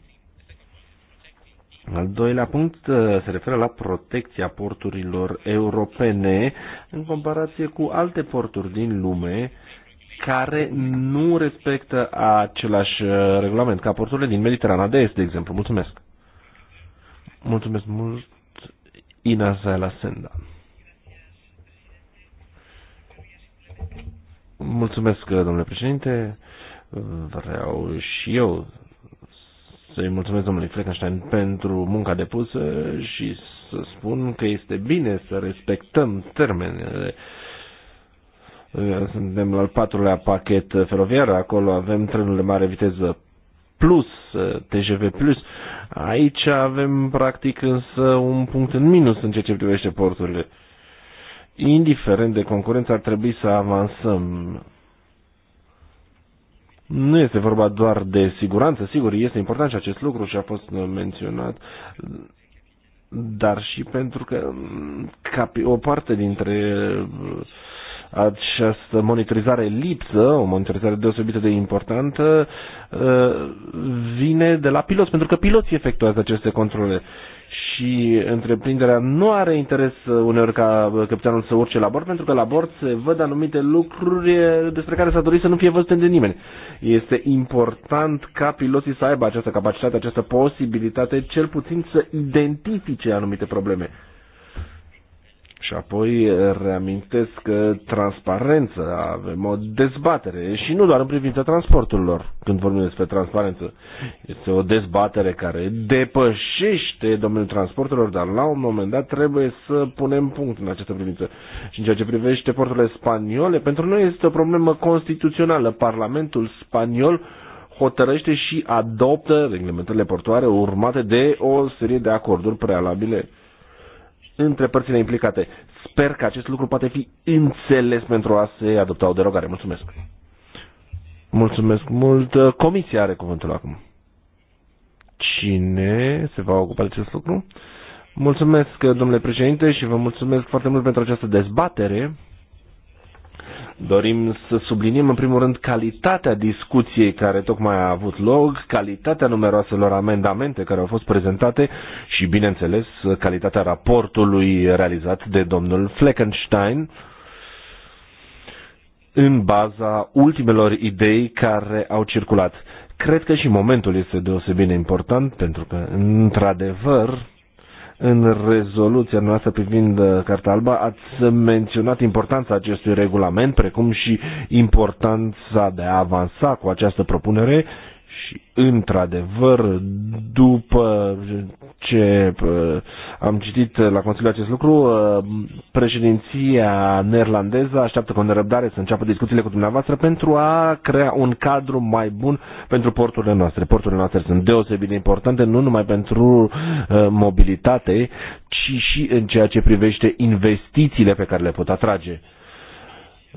Speaker 2: al doilea punct uh, se referă la protecția porturilor europene în comparație cu alte porturi din lume care nu respectă același uh, regulament ca porturile din Mediterana de Est, de exemplu. Mulțumesc! Mulțumesc mult, Ina Zaila Senda. Mulțumesc, uh, domnule președinte. Vreau și eu să-i mulțumesc domnului Fleckenstein pentru munca depusă și să spun că este bine să respectăm termenele. Uh, suntem la al patrulea pachet feroviar, acolo avem trenul de mare viteză plus, uh, TGV plus. Aici avem practic însă un punct în minus în ceea ce privește porturile. Indiferent de concurență ar trebui să avansăm nu este vorba doar de siguranță, sigur, este important și acest lucru și a fost menționat, dar și pentru că mm, o parte dintre uh, această monitorizare lipsă, o monitorizare deosebită de importantă, uh, vine de la piloți, pentru că piloții efectuează aceste controle și întreprinderea nu are interes uh, uneori ca uh, capitanul să urce la bord, pentru că la bord se văd anumite lucruri uh, despre care s-a dorit să nu fie văzute de nimeni. Este important ca piloții să aibă această capacitate, această posibilitate, cel puțin să identifice anumite probleme și apoi eh, reamintesc că transparență, avem o dezbatere și nu doar în privința transporturilor, când vorbim despre transparență. Este o dezbatere care depășește domeniul transporturilor, dar la un moment dat trebuie să punem punct în această privință. Și în ceea ce privește porturile spaniole, pentru noi este o problemă constituțională. Parlamentul spaniol hotărăște și adoptă reglementările portoare urmate de o serie de acorduri prealabile între părțile implicate. Sper că acest lucru poate fi înțeles pentru a se adopta o derogare. Mulțumesc! Mulțumesc mult! Comisia are cuvântul acum. Cine se va ocupa de acest lucru? Mulțumesc, domnule președinte, și vă mulțumesc foarte mult pentru această dezbatere. Dorim să subliniem în primul rând calitatea discuției care tocmai a avut loc, calitatea numeroaselor amendamente care au fost prezentate și, bineînțeles, calitatea raportului realizat de domnul Fleckenstein în baza ultimelor idei care au circulat. Cred că și momentul este deosebit de important pentru că, într-adevăr, în rezoluția noastră privind uh, Carta Alba ați menționat importanța acestui regulament, precum și importanța de a avansa cu această propunere și, într-adevăr, după ce uh, am citit la Consiliu acest lucru, uh, președinția neerlandeză așteaptă cu nerăbdare să înceapă discuțiile cu dumneavoastră pentru a crea un cadru mai bun pentru porturile noastre. Porturile noastre sunt deosebit de importante, nu numai pentru uh, mobilitate, ci și în ceea ce privește investițiile pe care le pot atrage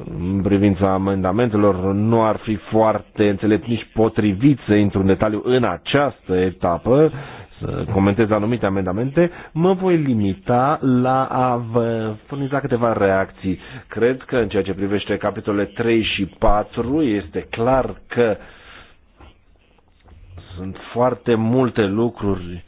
Speaker 2: în privința amendamentelor nu ar fi foarte înțelept nici potrivit să intru în detaliu în această etapă, să comentez anumite amendamente, mă voi limita la a vă furniza câteva reacții. Cred că în ceea ce privește capitolele 3 și 4 este clar că sunt foarte multe lucruri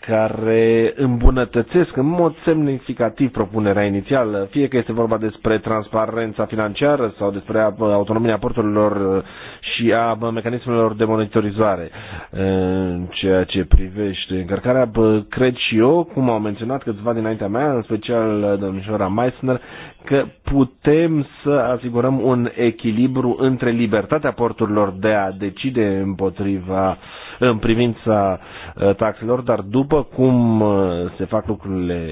Speaker 2: care îmbunătățesc în mod semnificativ propunerea inițială, fie că este vorba despre transparența financiară sau despre autonomia porturilor și a mecanismelor de monitorizare. În ceea ce privește încărcarea, cred și eu, cum au menționat câțiva dinaintea mea, în special uh, domnișoara Meissner, că putem să asigurăm un echilibru între libertatea porturilor de a decide împotriva uh, în privința uh, taxelor, dar după cum uh, se fac lucrurile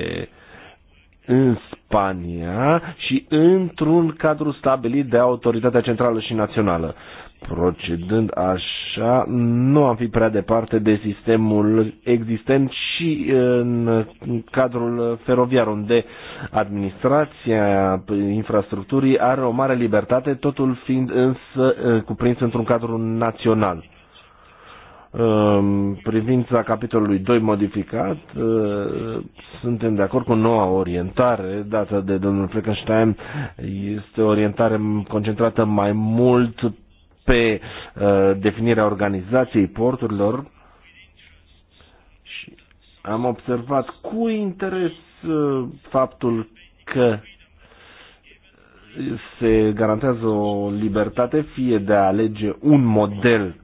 Speaker 2: în Spania și într-un cadru stabilit de autoritatea centrală și națională. Procedând așa, nu am fi prea departe de sistemul existent și uh, în cadrul feroviar, unde administrația infrastructurii are o mare libertate, totul fiind însă cuprins într-un cadru național privința capitolului 2 modificat, uh, suntem de acord cu noua orientare dată de domnul Fleckenstein. Este o orientare concentrată mai mult pe uh, definirea organizației porturilor și am observat cu interes uh, faptul că se garantează o libertate fie de a alege un model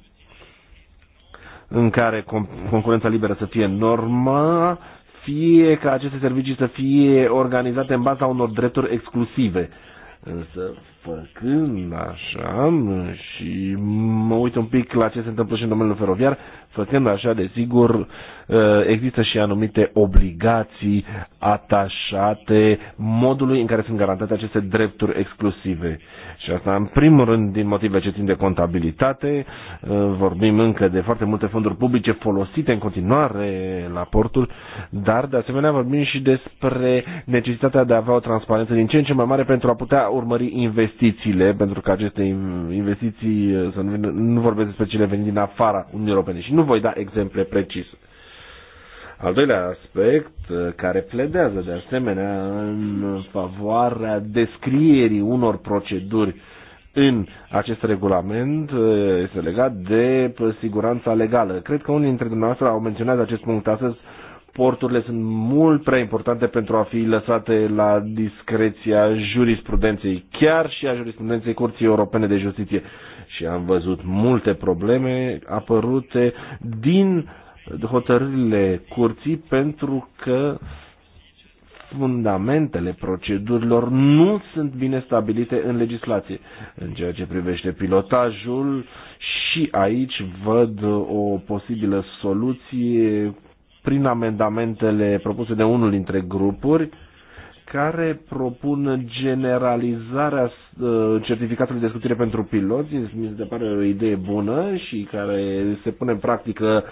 Speaker 2: în care concurența liberă să fie normă fie ca aceste servicii să fie organizate în baza unor drepturi exclusive. Însă, făcând așa, și mă uit un pic la ce se întâmplă și în domeniul feroviar, făcând așa, desigur, ă, există și anumite obligații atașate modului în care sunt garantate aceste drepturi exclusive. Și asta în primul rând din motive ce țin de contabilitate, uh, vorbim încă de foarte multe fonduri publice folosite în continuare la portul, dar de asemenea vorbim și despre necesitatea de a avea o transparență din ce în ce mai mare pentru a putea urmări investițiile, pentru că aceste investiții, uh, să nu, nu vorbesc despre cele venite din afara Uniunii Europene și nu voi da exemple precise. Al doilea aspect uh, care pledează de asemenea în favoarea descrierii unor proceduri în acest regulament uh, este legat de siguranța legală. Cred că unii dintre dumneavoastră au menționat acest punct astăzi. Porturile sunt mult prea importante pentru a fi lăsate la discreția jurisprudenței, chiar și a jurisprudenței Curții Europene de Justiție. Și am văzut multe probleme apărute din uh, hotărârile curții pentru că fundamentele procedurilor nu sunt bine stabilite în legislație. În ceea ce privește pilotajul și aici văd o posibilă soluție prin amendamentele propuse de unul dintre grupuri care propun generalizarea uh, certificatului de scutire pentru piloți, mi se pare o idee bună și care se pune în practică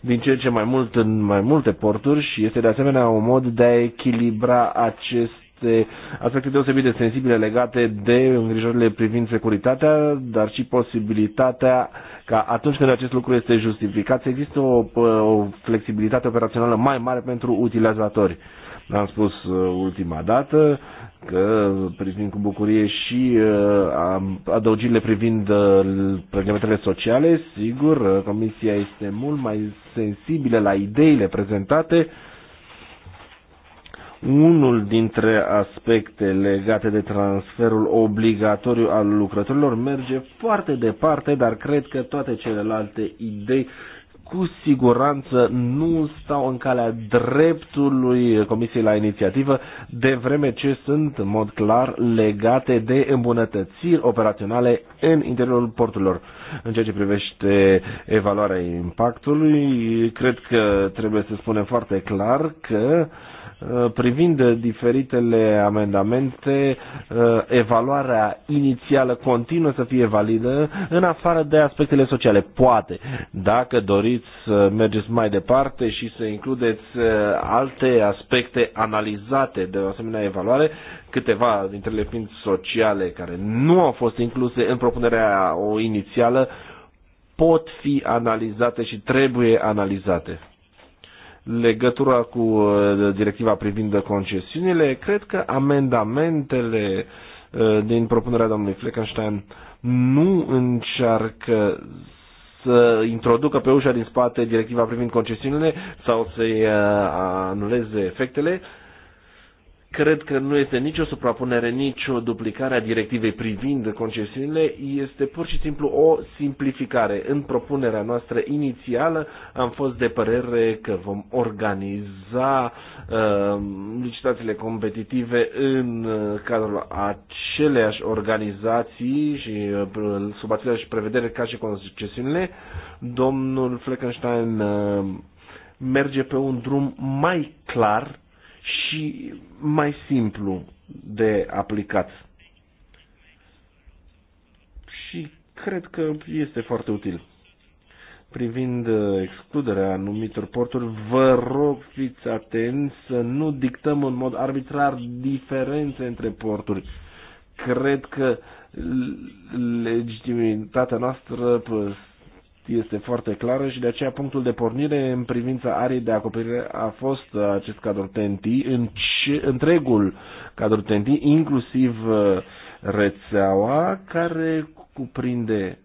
Speaker 2: din ce în ce mai mult în mai multe porturi și este de asemenea un mod de a echilibra acest aceste aspecte deosebit de sensibile legate de îngrijorările privind securitatea, dar și posibilitatea ca atunci când acest lucru este justificat să există o, o flexibilitate operațională mai mare pentru utilizatori. Am spus uh, ultima dată că privind cu bucurie și uh, adăugirile privind uh, reglementările sociale. Sigur, Comisia este mult mai sensibilă la ideile prezentate unul dintre aspecte legate de transferul obligatoriu al lucrătorilor merge foarte departe, dar cred că toate celelalte idei cu siguranță nu stau în calea dreptului Comisiei la inițiativă, de vreme ce sunt, în mod clar, legate de îmbunătățiri operaționale în interiorul porturilor. În ceea ce privește evaluarea impactului, cred că trebuie să spunem foarte clar că uh, Uh, privind diferitele amendamente, uh, evaluarea inițială continuă să fie validă în afară de aspectele sociale. Poate, dacă doriți să mergeți mai departe și să includeți uh, alte aspecte analizate de o asemenea evaluare, câteva dintre ele fiind sociale care nu au fost incluse în propunerea o inițială, pot fi analizate și trebuie analizate legătura cu uh, directiva privind concesiunile, cred că amendamentele uh, din propunerea domnului Fleckenstein nu încearcă să introducă pe ușa din spate directiva privind concesiunile sau să-i uh, anuleze efectele, cred că nu este nicio suprapunere, nicio duplicare a directivei privind concesiunile, este pur și simplu o simplificare. În propunerea noastră inițială am fost de părere că vom organiza uh, licitațiile competitive în uh, cadrul aceleași organizații și uh, sub aceleași prevedere ca și concesiunile. Domnul Fleckenstein uh, merge pe un drum mai clar și mai simplu de aplicat. Și cred că este foarte util. Privind uh, excluderea anumitor porturi, vă rog fiți atenți să nu dictăm în mod arbitrar diferențe între porturi. Cred că legitimitatea noastră este foarte clară și de aceea punctul de pornire în privința arii de acoperire a fost acest cadru TNT, în ce, întregul cadru TNT, inclusiv uh, rețeaua care cuprinde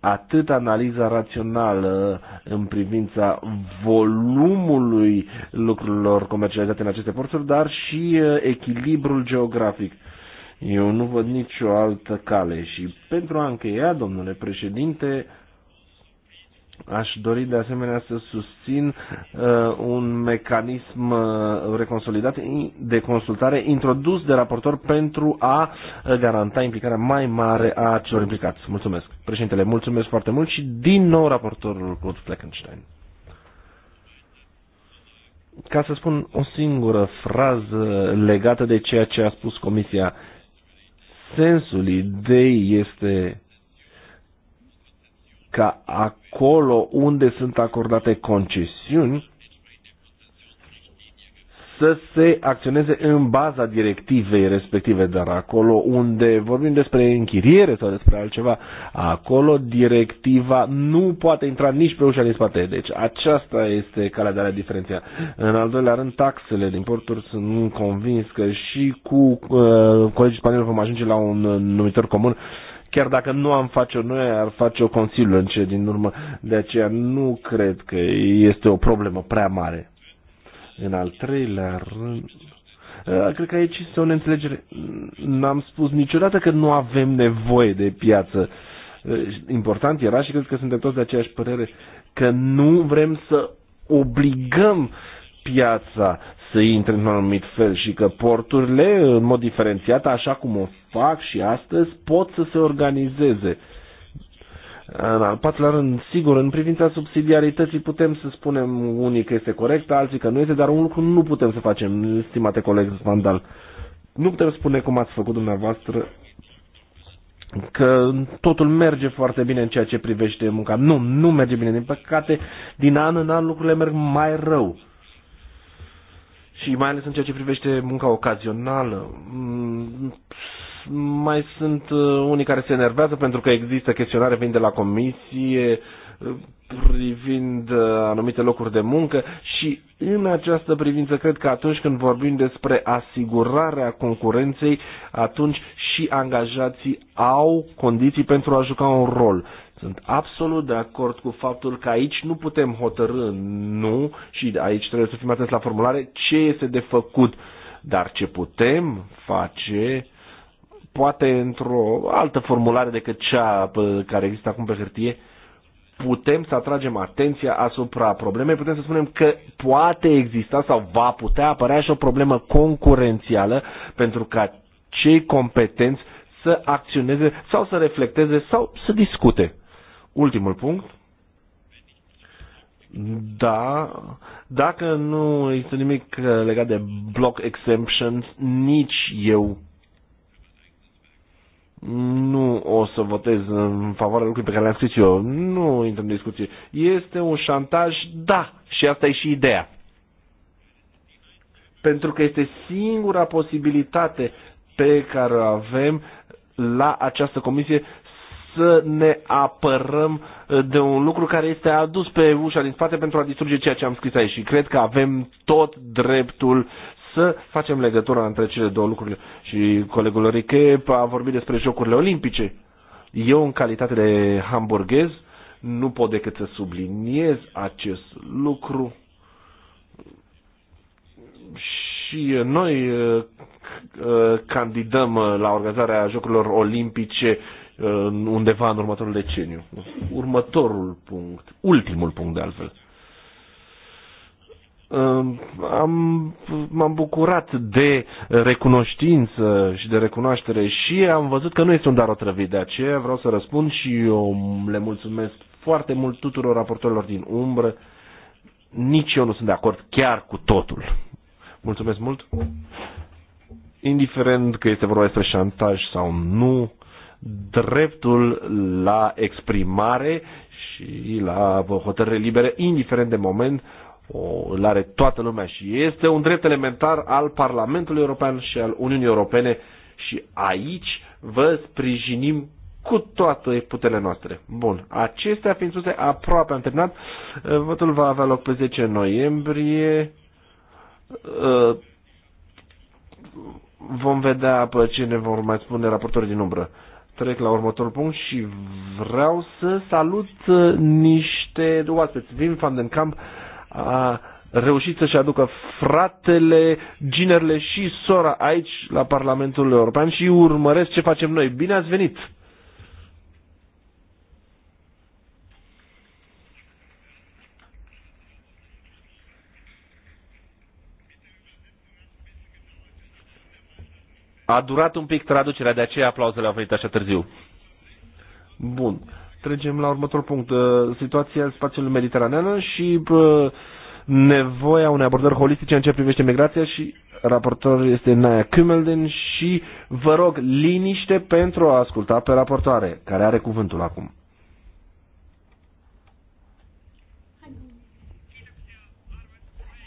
Speaker 2: atât analiza rațională în privința volumului lucrurilor comercializate în aceste porturi, dar și uh, echilibrul geografic. Uh, eu nu văd nicio altă cale și pentru a încheia, domnule președinte, Aș dori de asemenea să susțin uh, un mecanism uh, reconsolidat de consultare introdus de raportor pentru a uh, garanta implicarea mai mare a celor implicați. Mulțumesc. Președintele, mulțumesc foarte mult și din nou raportorul Kurt Fleckenstein. Ca să spun o singură frază legată de ceea ce a spus Comisia uh, sensul ideii este ca acolo unde sunt acordate concesiuni să se acționeze în baza directivei respective, dar acolo unde vorbim despre închiriere sau despre altceva, acolo directiva nu poate intra nici pe ușa din spate. Deci aceasta este calea de a diferenția. În al doilea rând, taxele din porturi sunt convins că și cu uh, colegii spanioli vom ajunge la un numitor comun chiar dacă nu am face-o noi, ar face-o Consiliul în ce din urmă. De aceea nu cred că este o problemă prea mare. În al treilea rând, cred că aici este o neînțelegere. N-am spus niciodată că nu avem nevoie de piață. Important era și cred că suntem toți de aceeași părere că nu vrem să obligăm piața să intre într-un anumit fel și că porturile, în mod diferențiat, așa cum o fac și astăzi, pot să se organizeze. Uh, în al patrulea rând, sigur, în privința subsidiarității putem să spunem unii că este corect, alții că nu este, dar un lucru nu putem să facem, stimate coleg Vandal. Nu putem spune cum ați făcut dumneavoastră că totul merge foarte bine în ceea ce privește munca. Nu, nu merge bine. Din păcate, din an în an lucrurile merg mai rău. Și mai ales în ceea ce privește munca ocazională mm, mai sunt uh, unii care se enervează pentru că există chestionare vin de la comisie uh, privind uh, anumite locuri de muncă și în această privință cred că atunci când vorbim despre asigurarea concurenței, atunci și angajații au condiții pentru a juca un rol. Sunt absolut de acord cu faptul că aici nu putem hotărâ nu și aici trebuie să fim atenți la formulare ce este de făcut, dar ce putem face poate într-o altă formulare decât cea care există acum pe hârtie, putem să atragem atenția asupra problemei, putem să spunem că poate exista sau va putea apărea și o problemă concurențială pentru ca cei competenți să acționeze sau să reflecteze sau să discute. Ultimul punct. Da, dacă nu există nimic legat de block exemptions, nici eu nu o să votez în favoarea lucrurilor pe care le-am scris eu. Nu intrăm în discuție. Este un șantaj, da, și asta e și ideea. Pentru că este singura posibilitate pe care o avem la această comisie să ne apărăm de un lucru care este adus pe ușa din spate pentru a distruge ceea ce am scris aici. Și cred că avem tot dreptul să facem legătura între cele două lucruri. Și colegul Riche a vorbit despre Jocurile Olimpice. Eu, în calitate de hamburghez, nu pot decât să subliniez acest lucru. Și noi uh, uh, candidăm uh, la organizarea Jocurilor Olimpice undeva în următorul deceniu. Următorul punct, ultimul punct de altfel am, m-am bucurat de recunoștință și de recunoaștere și am văzut că nu este un dar otrăvit. De aceea vreau să răspund și eu le mulțumesc foarte mult tuturor raportorilor din umbră. Nici eu nu sunt de acord chiar cu totul. Mulțumesc mult. Indiferent că este vorba despre șantaj sau nu, dreptul la exprimare și la hotărâre libere, indiferent de moment, uh, o, îl are toată lumea și este un drept elementar al Parlamentului European și al Uniunii Europene și aici vă sprijinim cu toate puterile noastre. Bun, acestea fiind spuse, aproape am terminat. Votul va avea loc pe 10 noiembrie. Ă, vom vedea pe ce ne vor mai spune raportorii din umbră. Trec la următorul punct și vreau să salut niște oaspeți. Vin Van den camp a reușit să-și aducă fratele, ginerile și sora aici la Parlamentul European și urmăresc ce facem noi. Bine ați venit! A durat un pic traducerea, de aceea aplauzele au venit așa târziu. Bun. Trecem la următorul punct. Uh, situația spațiului mediteranean și uh, nevoia unei abordări holistice în ce privește migrația și raportorul este Naya Kümelden și vă rog liniște pentru a asculta pe raportoare, care are cuvântul acum.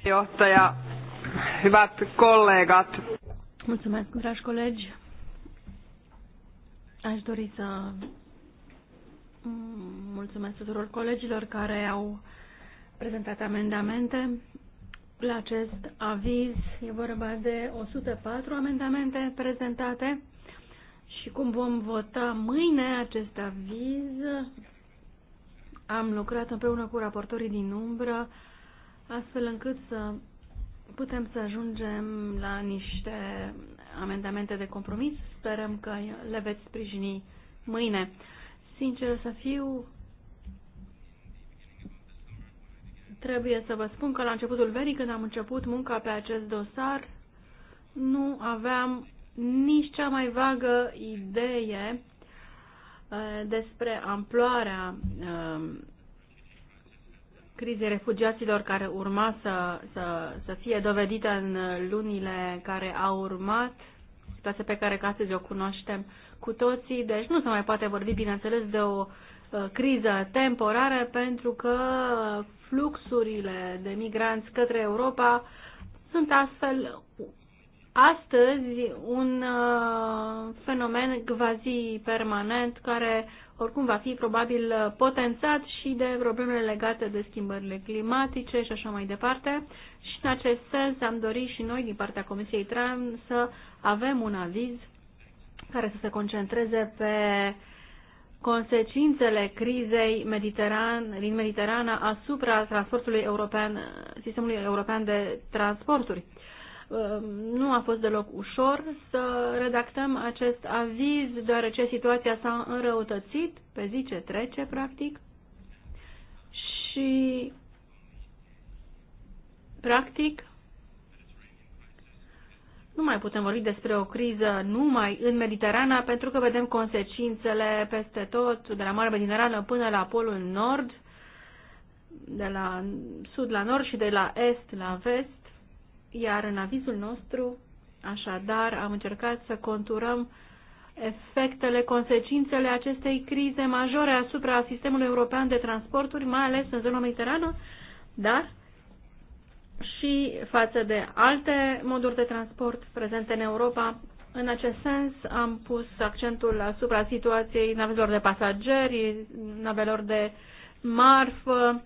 Speaker 1: Johtaja, hyvät kollegat. Mulțumesc, dragi colegi. Aș dori să Mm, mulțumesc tuturor colegilor care au prezentat amendamente. La acest aviz e vorba de 104 amendamente prezentate și cum vom vota mâine acest aviz, am lucrat împreună cu raportorii din umbră, astfel încât să putem să ajungem la niște amendamente de compromis. Sperăm că le veți sprijini mâine. Sincer să fiu, trebuie să vă spun că la începutul verii, când am început munca pe acest dosar, nu aveam nici cea mai vagă idee eh, despre amploarea eh, crizei refugiaților care urma să, să, să fie dovedită în lunile care au urmat, situația pe care astăzi o cunoaștem cu toții, deci nu se mai poate vorbi, bineînțeles, de o uh, criză temporară pentru că fluxurile de migranți către Europa sunt astfel astăzi un uh, fenomen quasi permanent care oricum va fi probabil potențat și de problemele legate de schimbările climatice și așa mai departe. Și în acest sens am dorit și noi din partea Comisiei Tram, să avem un aviz care să se concentreze pe consecințele crizei mediteran, din Mediterana asupra transportului european, sistemului european de transporturi. Ehm, nu a fost deloc ușor să redactăm acest aviz, deoarece situația s-a înrăutățit pe zi ce trece, practic, și practic nu mai putem vorbi despre o criză numai în Mediterana, pentru că vedem consecințele peste tot, de la Marea Mediterană până la Polul Nord, de la sud la nord și de la est la vest, iar în avizul nostru, așadar, am încercat să conturăm efectele, consecințele acestei crize majore asupra sistemului european de transporturi, mai ales în zona mediterană, dar și față de alte moduri de transport prezente în Europa. În acest sens am pus accentul asupra situației navelor de pasageri, navelor de marfă,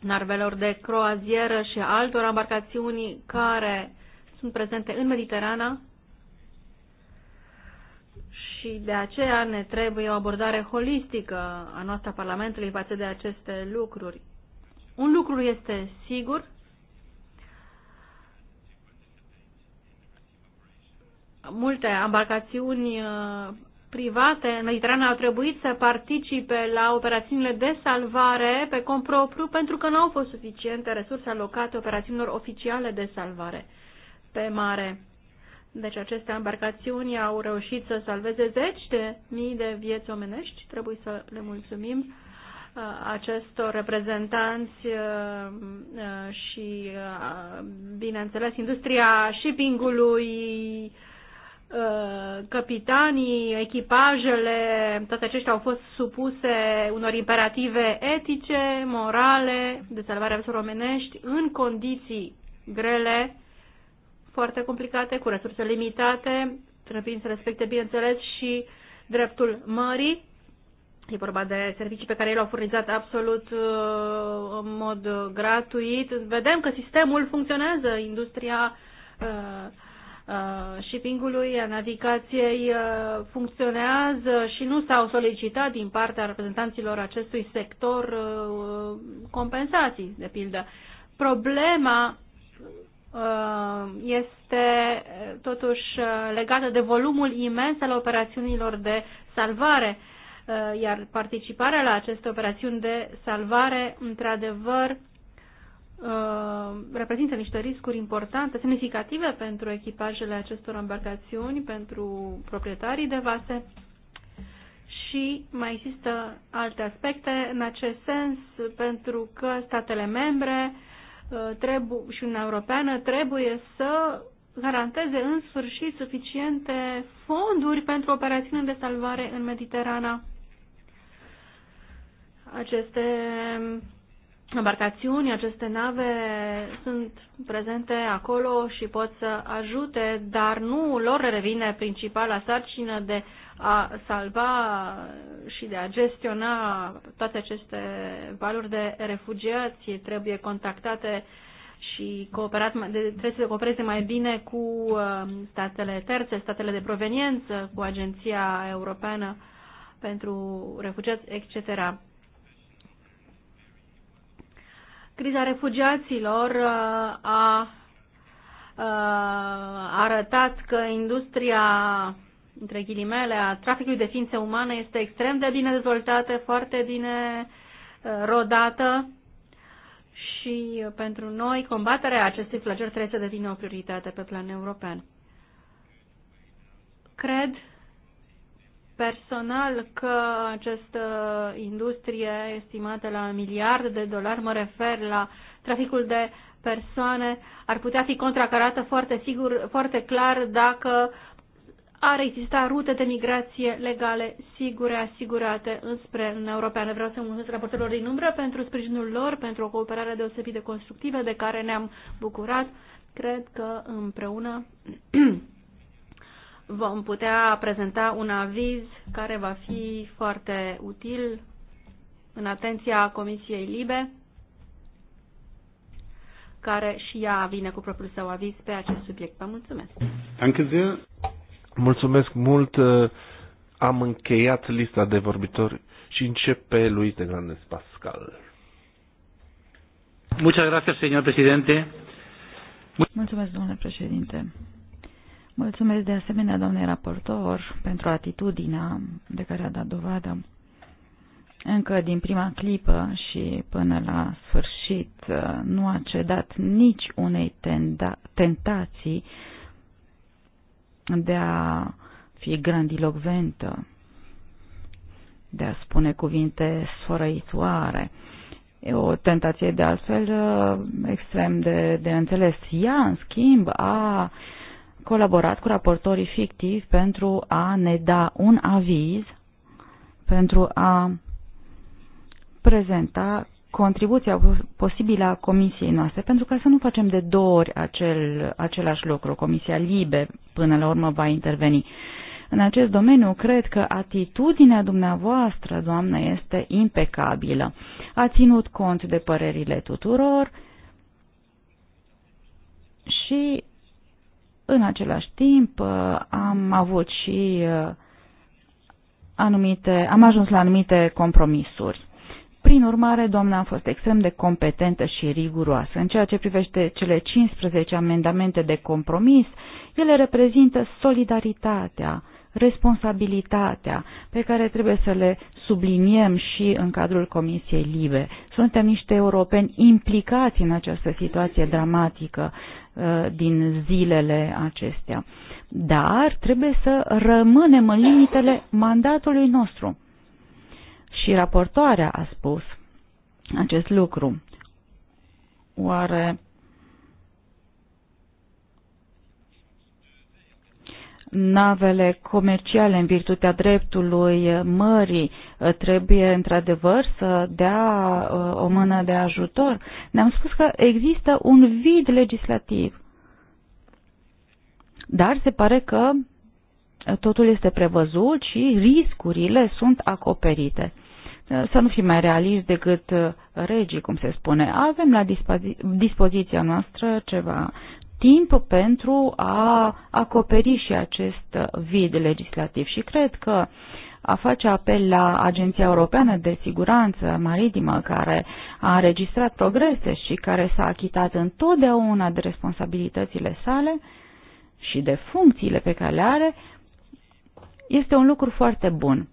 Speaker 1: navelor de croazieră și altor embarcațiuni care sunt prezente în Mediterana și de aceea ne trebuie o abordare holistică a noastră Parlamentului față de aceste lucruri. Un lucru este sigur, multe embarcațiuni uh, private în Mediterană au trebuit să participe la operațiunile de salvare pe cont propriu pentru că nu au fost suficiente resurse alocate operațiunilor oficiale de salvare pe mare. Deci aceste embarcațiuni au reușit să salveze zeci de mii de vieți omenești. Trebuie să le mulțumim uh, acestor reprezentanți uh, și, bineînțeles, industria shippingului, ului Uh, capitanii, echipajele, toate aceștia au fost supuse unor imperative etice, morale, de salvare a vieților omenești, în condiții grele, foarte complicate, cu resurse limitate, trebuie să respecte, bineînțeles, și dreptul mării. E vorba de servicii pe care ei l-au furnizat absolut uh, în mod gratuit. Vedem că sistemul funcționează, industria uh, Uh, shipping-ului, a navigației uh, funcționează și nu s-au solicitat din partea reprezentanților acestui sector uh, compensații, de pildă. Problema este totuși legată de volumul imens al operațiunilor de salvare, iar participarea la aceste operațiuni de salvare, într-adevăr, Uh, reprezintă niște riscuri importante, semnificative pentru echipajele acestor embarcațiuni, pentru proprietarii de vase și mai există alte aspecte în acest sens pentru că statele membre uh, trebuie, și Uniunea Europeană trebuie să garanteze în sfârșit suficiente fonduri pentru operațiuni de salvare în Mediterana. Aceste embarcațiuni, aceste nave sunt prezente acolo și pot să ajute, dar nu lor revine principala sarcină de a salva și de a gestiona toate aceste valuri de refugiați. Trebuie contactate și cooperat, trebuie să coopereze mai bine cu um, statele terțe, statele de proveniență, cu Agenția Europeană pentru Refugiați, etc. Criza refugiaților uh, a uh, arătat că industria între ghilimele, a traficului de ființe umane este extrem de bine dezvoltată, foarte bine uh, rodată și pentru noi combaterea acestui flagel trebuie să devină o prioritate pe plan european. Cred personal că această industrie estimată la miliarde de dolari, mă refer la traficul de persoane, ar putea fi contracarată foarte sigur, foarte clar dacă ar exista rute de migrație legale sigure, asigurate înspre Uniunea Europeană. Vreau să mulțumesc raportelor din umbră pentru sprijinul lor, pentru o cooperare deosebit de constructivă de care ne-am bucurat. Cred că împreună vom putea prezenta un aviz care va fi foarte util în atenția Comisiei Libe, care și ea vine cu propriul său aviz pe acest subiect. Vă mulțumesc!
Speaker 2: Mulțumesc mult! Am încheiat lista de vorbitori și începe Luis de Grandes Pascal.
Speaker 3: Muchas gracias, señor presidente. Mulțumesc, domnule președinte. Mulțumesc de asemenea, doamne raportor, pentru atitudinea de care a dat dovadă încă din prima clipă și până la sfârșit uh, nu a cedat nici unei tentații de a fi grandilocventă, de a spune cuvinte sfărăitoare. E o tentație de altfel uh, extrem de, de înțeles. Ea, în schimb, a uh, colaborat cu raportorii fictivi pentru a ne da un aviz, pentru a prezenta contribuția posibilă a comisiei noastre, pentru ca să nu facem de două ori acel, același lucru. Comisia Libe, până la urmă, va interveni. În acest domeniu, cred că atitudinea dumneavoastră, doamnă, este impecabilă. A ținut cont de părerile tuturor și în același timp, uh, am avut și uh, anumite, am ajuns la anumite compromisuri. Prin urmare, doamna a fost extrem de competentă și riguroasă. În ceea ce privește cele 15 amendamente de compromis, ele reprezintă solidaritatea, responsabilitatea pe care trebuie să le subliniem și în cadrul Comisiei Libe. Suntem niște europeni implicați în această situație dramatică. Uh, din zilele acestea. Dar trebuie să rămânem în limitele mandatului nostru. Și raportoarea a spus acest lucru. Oare navele comerciale în virtutea dreptului mării uh, trebuie într-adevăr să dea uh, o mână de ajutor. Ne-am spus că există un vid legislativ. Dar se pare că uh, totul este prevăzut și riscurile sunt acoperite. Să nu fim mai realiști decât regii, cum se spune. Avem la dispozi- dispoziția noastră ceva timp pentru a acoperi și acest vid legislativ și cred că a face apel la Agenția Europeană de Siguranță Maritimă, care a înregistrat progrese și care s-a achitat întotdeauna de responsabilitățile sale și de funcțiile pe care le are, este un lucru foarte bun.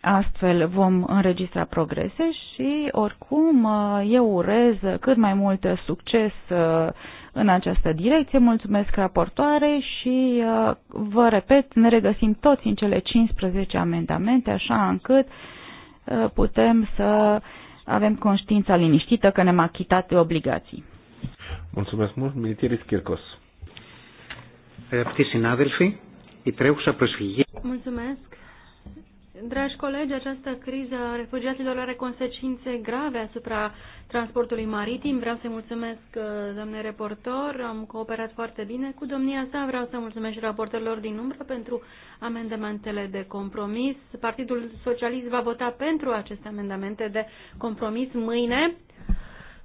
Speaker 3: Astfel vom înregistra progrese și oricum eu urez cât mai mult succes în această direcție. Mulțumesc raportoare și uh, vă repet, ne regăsim toți în cele 15 amendamente, așa încât uh, putem să avem conștiința liniștită că ne-am achitat de obligații.
Speaker 2: Mulțumesc mult, Militiris Kirkos.
Speaker 3: Mulțumesc.
Speaker 1: Dragi colegi, această criză a refugiaților are consecințe grave asupra transportului maritim. Vreau să mulțumesc, uh, doamne reportor, am cooperat foarte bine cu domnia sa. Vreau să mulțumesc și raportorilor din umbră pentru amendamentele de compromis. Partidul Socialist va vota pentru aceste amendamente de compromis mâine.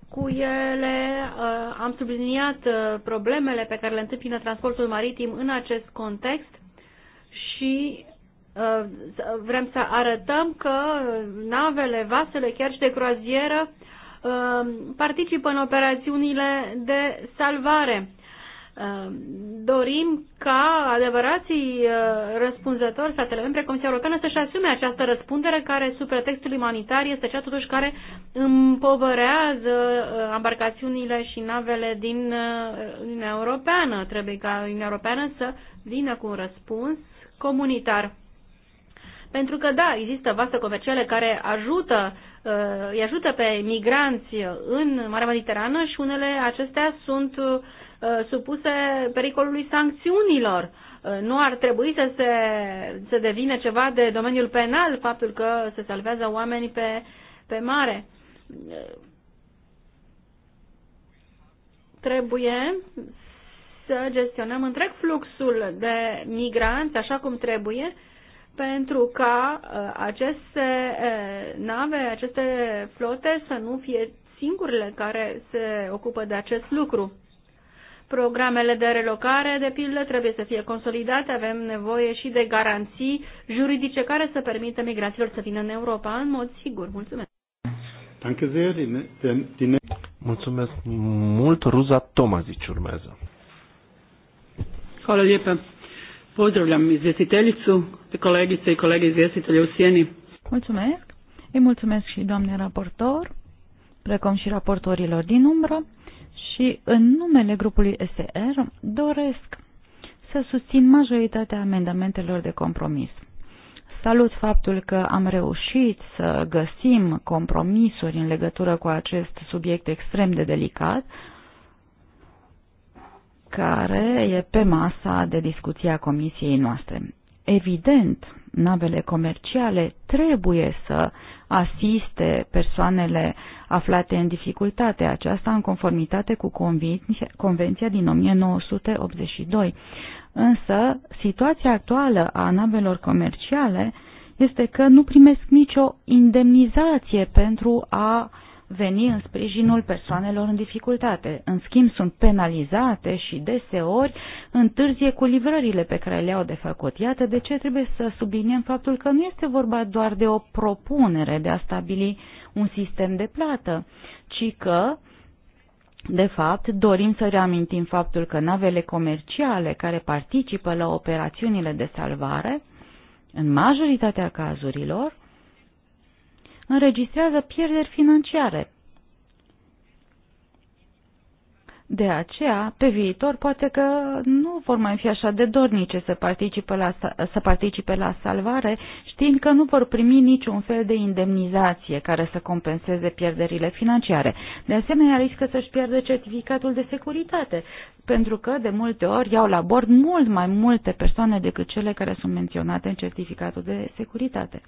Speaker 1: Cu ele uh, am subliniat uh, problemele pe care le întâmpină transportul maritim în acest context și Uh, vrem să arătăm că navele, vasele, chiar și de croazieră, uh, participă în operațiunile de salvare. Uh, dorim ca adevărații răspunzători, statele membre, Comisia Europeană, să-și asume această răspundere care, sub pretextul umanitar, este cea totuși care împovărează embarcațiunile și navele din Uniunea Europeană. Trebuie ca Uniunea Europeană să vină cu un răspuns comunitar. Pentru că, da, există vaste comerciale care ajută, uh, îi ajută pe migranți în Marea Mediterană și unele acestea sunt uh, supuse pericolului sancțiunilor. Uh, nu ar trebui să se să devine ceva de domeniul penal faptul că se salvează oamenii pe, pe mare. Trebuie să gestionăm întreg fluxul de migranți așa cum trebuie pentru ca ă, aceste ă, nave, aceste flote să nu fie singurele care se ocupă de acest lucru. Programele de relocare, de pildă, trebuie să fie consolidate, avem nevoie și de garanții juridice care să permită migranților să vină în Europa în mod sigur. Mulțumesc!
Speaker 2: Mulțumesc mult, Ruza Tomazici urmează.
Speaker 3: Hvala lijepa. Pozdravljam izvjestiteljicu, te kolegice i kolege izvjestitelje u sjeni. Mulțumesc. Îi mulțumesc și doamne raportor, precum și raportorilor din umbră și în numele grupului SR doresc să susțin majoritatea amendamentelor de compromis. Salut faptul că am reușit să găsim compromisuri în legătură cu acest subiect extrem de delicat, care e pe masa de discuție a comisiei noastre. Evident, navele comerciale trebuie să asiste persoanele aflate în dificultate, aceasta în conformitate cu Convenția din 1982. Însă, situația actuală a navelor comerciale este că nu primesc nicio indemnizație pentru a veni în sprijinul persoanelor în dificultate. În schimb, sunt penalizate și deseori întârzie cu livrările pe care le-au de făcut. Iată de ce trebuie să subliniem faptul că nu este vorba doar de o propunere de a stabili un sistem de plată, ci că de fapt, dorim să reamintim faptul că navele comerciale care participă la operațiunile de salvare, în majoritatea cazurilor, înregistrează pierderi financiare. De aceea, pe viitor, poate că nu vor mai fi așa de dornice să participe la, să participe la salvare, știind că nu vor primi niciun fel de indemnizație care să compenseze pierderile financiare. De asemenea, riscă să-și pierde certificatul de securitate, pentru că, de multe ori, iau la bord mult mai multe persoane decât cele care sunt menționate în certificatul de securitate.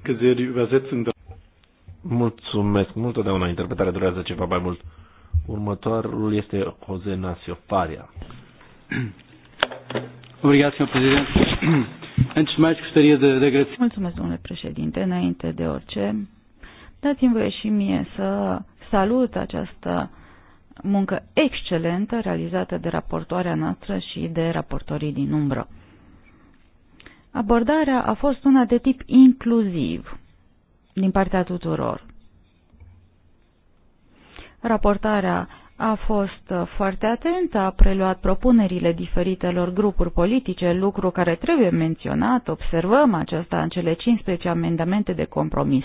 Speaker 2: Mulțumesc mult, totdeauna interpretarea durează ceva mai mult. Următorul este Jose Nasio Faria.
Speaker 3: Obrigado, domnule președinte. Antes mai mais, de, de agradecer. Mulțumesc, domnule președinte. Înainte de orice, dați-mi voie și mie să salut această muncă excelentă realizată de raportoarea noastră și de raportorii din umbră. Abordarea a fost una de tip inclusiv, din partea tuturor. Raportarea a fost foarte atentă, a preluat propunerile diferitelor grupuri politice, lucru care trebuie menționat, observăm aceasta în cele 15 amendamente de compromis.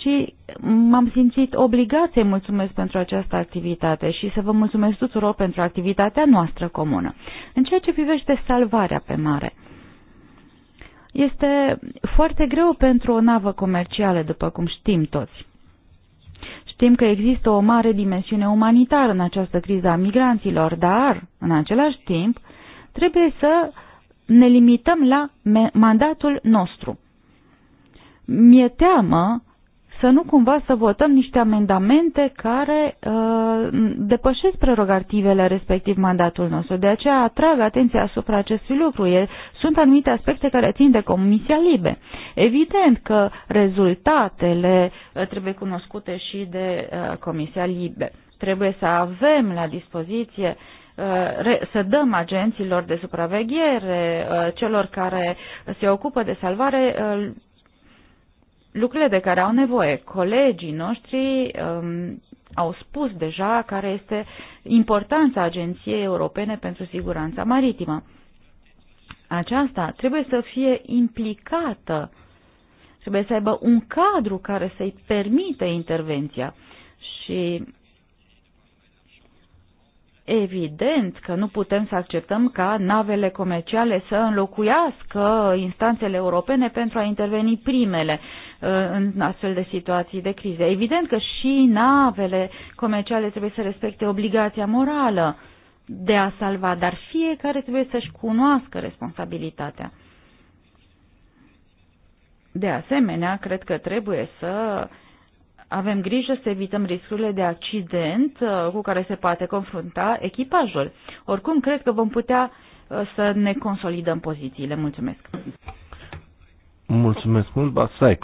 Speaker 3: Și m-am simțit obligat să-i mulțumesc pentru această activitate și să vă mulțumesc tuturor pentru activitatea noastră comună. În ceea ce privește salvarea pe mare, este foarte greu pentru o navă comercială, după cum știm toți. Știm că există o mare dimensiune umanitară în această criză a migranților, dar, în același timp, trebuie să ne limităm la mandatul nostru. Mi-e teamă să nu cumva să votăm niște amendamente care uh, depășesc prerogativele, respectiv mandatul nostru. De aceea atrag atenția asupra acestui lucru. E, sunt anumite aspecte care țin de Comisia Libe. Evident că rezultatele uh, trebuie cunoscute și de uh, Comisia Libe. Trebuie să avem la dispoziție uh, să dăm agenților de supraveghere, uh, celor care se ocupă de salvare, lucrurile de care au nevoie. Colegii noștri um, au spus deja care este importanța Agenției Europene pentru Siguranța Maritimă. Aceasta trebuie să fie implicată, trebuie să aibă un cadru care să-i permite intervenția și evident că nu putem să acceptăm ca navele comerciale să înlocuiască instanțele europene pentru a interveni primele uh, în astfel de situații de crize. Evident că și navele comerciale trebuie să respecte obligația morală de a salva, dar fiecare trebuie să-și cunoască responsabilitatea. De asemenea, cred că trebuie să avem grijă să evităm riscurile de accident uh, cu care se poate confrunta echipajul. Oricum, cred că vom putea uh, să ne consolidăm pozițiile. Mulțumesc!
Speaker 2: Mulțumesc mult, Basai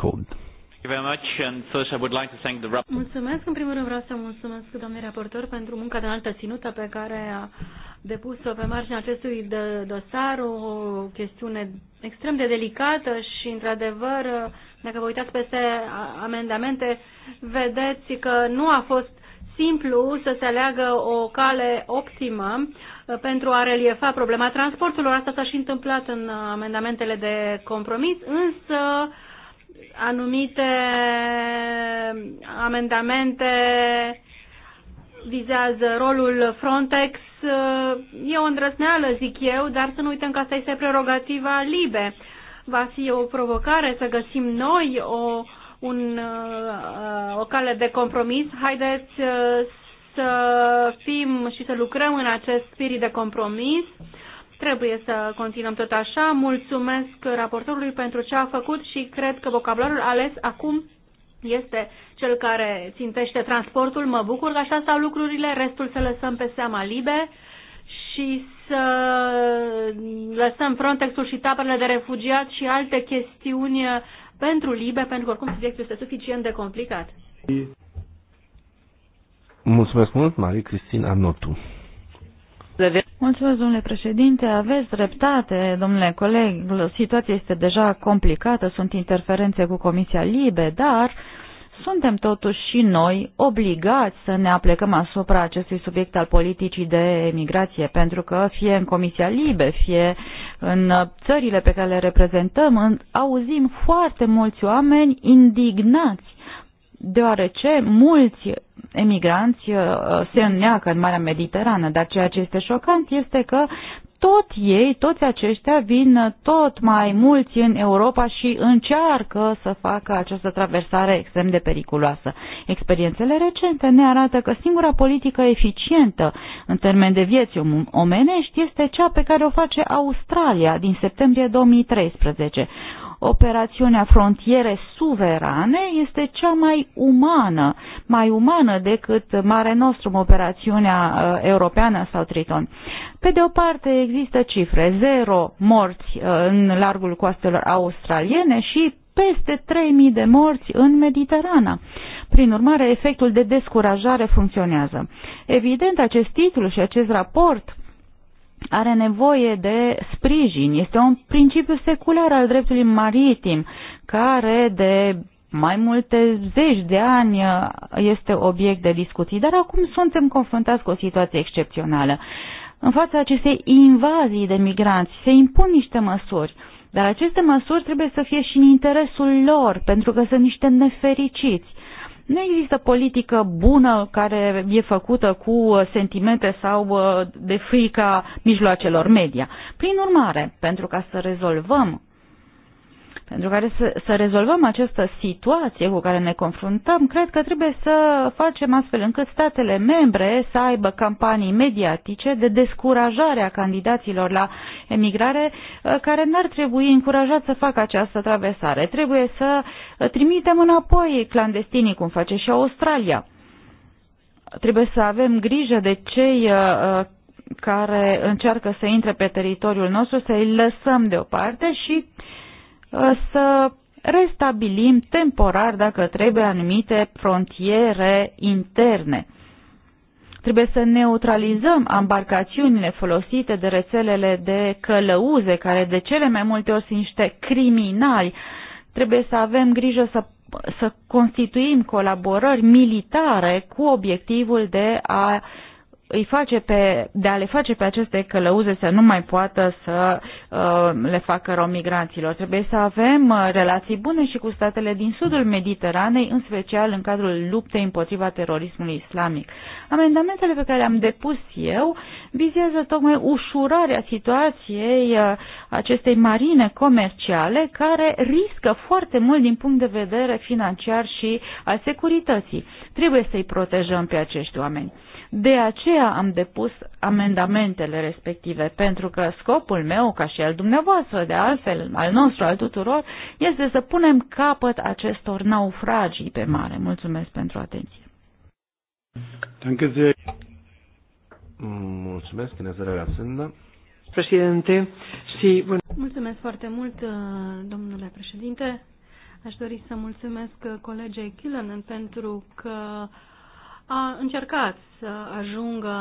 Speaker 1: Mulțumesc. În primul rând vreau să mulțumesc domnului raportor pentru munca de înaltă ținută pe care a depus-o pe marginea acestui de dosar, o chestiune extrem de delicată și, într-adevăr, dacă vă uitați peste amendamente, vedeți că nu a fost simplu să se aleagă o cale optimă uh, pentru a reliefa problema transporturilor. Asta s-a și întâmplat în uh, amendamentele de compromis, însă anumite uh, amendamente vizează rolul Frontex. E o îndrăzneală, zic eu, dar să nu uităm că asta este prerogativa LIBE va fi o provocare să găsim noi o, un, uh, o cale de compromis. Haideți uh, să fim și să lucrăm în acest spirit de compromis. Trebuie să continuăm tot așa. Mulțumesc raportorului pentru ce a făcut și cred că vocabularul ales acum este cel care țintește transportul. Mă bucur că așa stau lucrurile, restul să lăsăm pe seama libe și să lăsăm Frontex-ul și taberele de refugiați și alte chestiuni pentru Libe, pentru că oricum subiectul este suficient de complicat.
Speaker 2: Mulțumesc mult, Marie Cristina Anotu.
Speaker 3: Mulțumesc, domnule președinte. Aveți dreptate, domnule coleg. Situația este deja complicată, sunt interferențe cu Comisia Libe, dar uh, suntem totuși și noi obligați să ne aplecăm asupra acestui subiect al politicii de emigrație, pentru că fie în Comisia Libe, fie în țările pe care le reprezentăm, auzim foarte mulți oameni indignați, deoarece mulți emigranți uh, se înneacă în Marea Mediterană, dar ceea ce este șocant este că tot ei, toți aceștia vin tot mai mulți în Europa și încearcă să facă această traversare extrem de periculoasă. Experiențele recente ne arată că singura politică eficientă în termen de vieți omenești este cea pe care o face Australia din septembrie 2013 operațiunea frontiere suverane este cea mai umană, mai umană decât Mare Nostrum, operațiunea uh, europeană sau Triton. Pe de o parte există cifre, zero morți uh, în largul coastelor australiene și peste 3.000 de morți în Mediterana. Prin urmare, efectul de descurajare funcționează. Evident, acest titlu și acest raport are nevoie de sprijin. Este un principiu secular al dreptului maritim, care de mai multe zeci de ani este obiect de discuții, dar acum suntem confruntați cu o situație excepțională. În fața acestei invazii de migranți se impun niște măsuri, dar aceste măsuri trebuie să fie și în interesul lor, pentru că sunt niște nefericiți nu există politică bună care e făcută cu uh, sentimente sau uh, de frica mijloacelor media. Prin urmare, pentru ca să rezolvăm pentru care să, să rezolvăm această situație cu care ne confruntăm, cred că trebuie să facem astfel încât statele membre să aibă campanii mediatice de descurajare a candidaților la emigrare uh, care n-ar trebui încurajat să facă această traversare. Trebuie să uh, trimitem înapoi clandestinii, cum face și Australia. Trebuie să avem grijă de cei uh, care încearcă să intre pe teritoriul nostru, să îi lăsăm deoparte și uh, să restabilim temporar, dacă trebuie, anumite frontiere interne. Trebuie să neutralizăm ambarcațiunile folosite de rețelele de călăuze, care de cele mai multe ori sunt niște criminali. Trebuie să avem grijă să, să constituim colaborări militare cu obiectivul de a îi face pe, de a le face pe aceste călăuze să nu mai poată să uh, le facă rău migranților. Trebuie să avem uh, relații bune și cu statele din sudul Mediteranei, în special în cadrul luptei împotriva terorismului islamic. Amendamentele pe care le-am depus eu vizează tocmai ușurarea situației uh, acestei marine comerciale care riscă foarte mult din punct de vedere financiar și al securității. Trebuie să-i protejăm pe acești oameni. De aceea am depus amendamentele respective, pentru că scopul meu, ca și al dumneavoastră, de altfel, al nostru, al tuturor, este să punem capăt acestor naufragii pe mare. Mulțumesc pentru atenție.
Speaker 2: Danke sehr. Mulțumesc, Inezera Sânda. Președinte, și bun.
Speaker 1: Mulțumesc foarte mult, uh, domnule președinte. Aș dori să mulțumesc uh, colegei Killanen pentru că a încercat să ajungă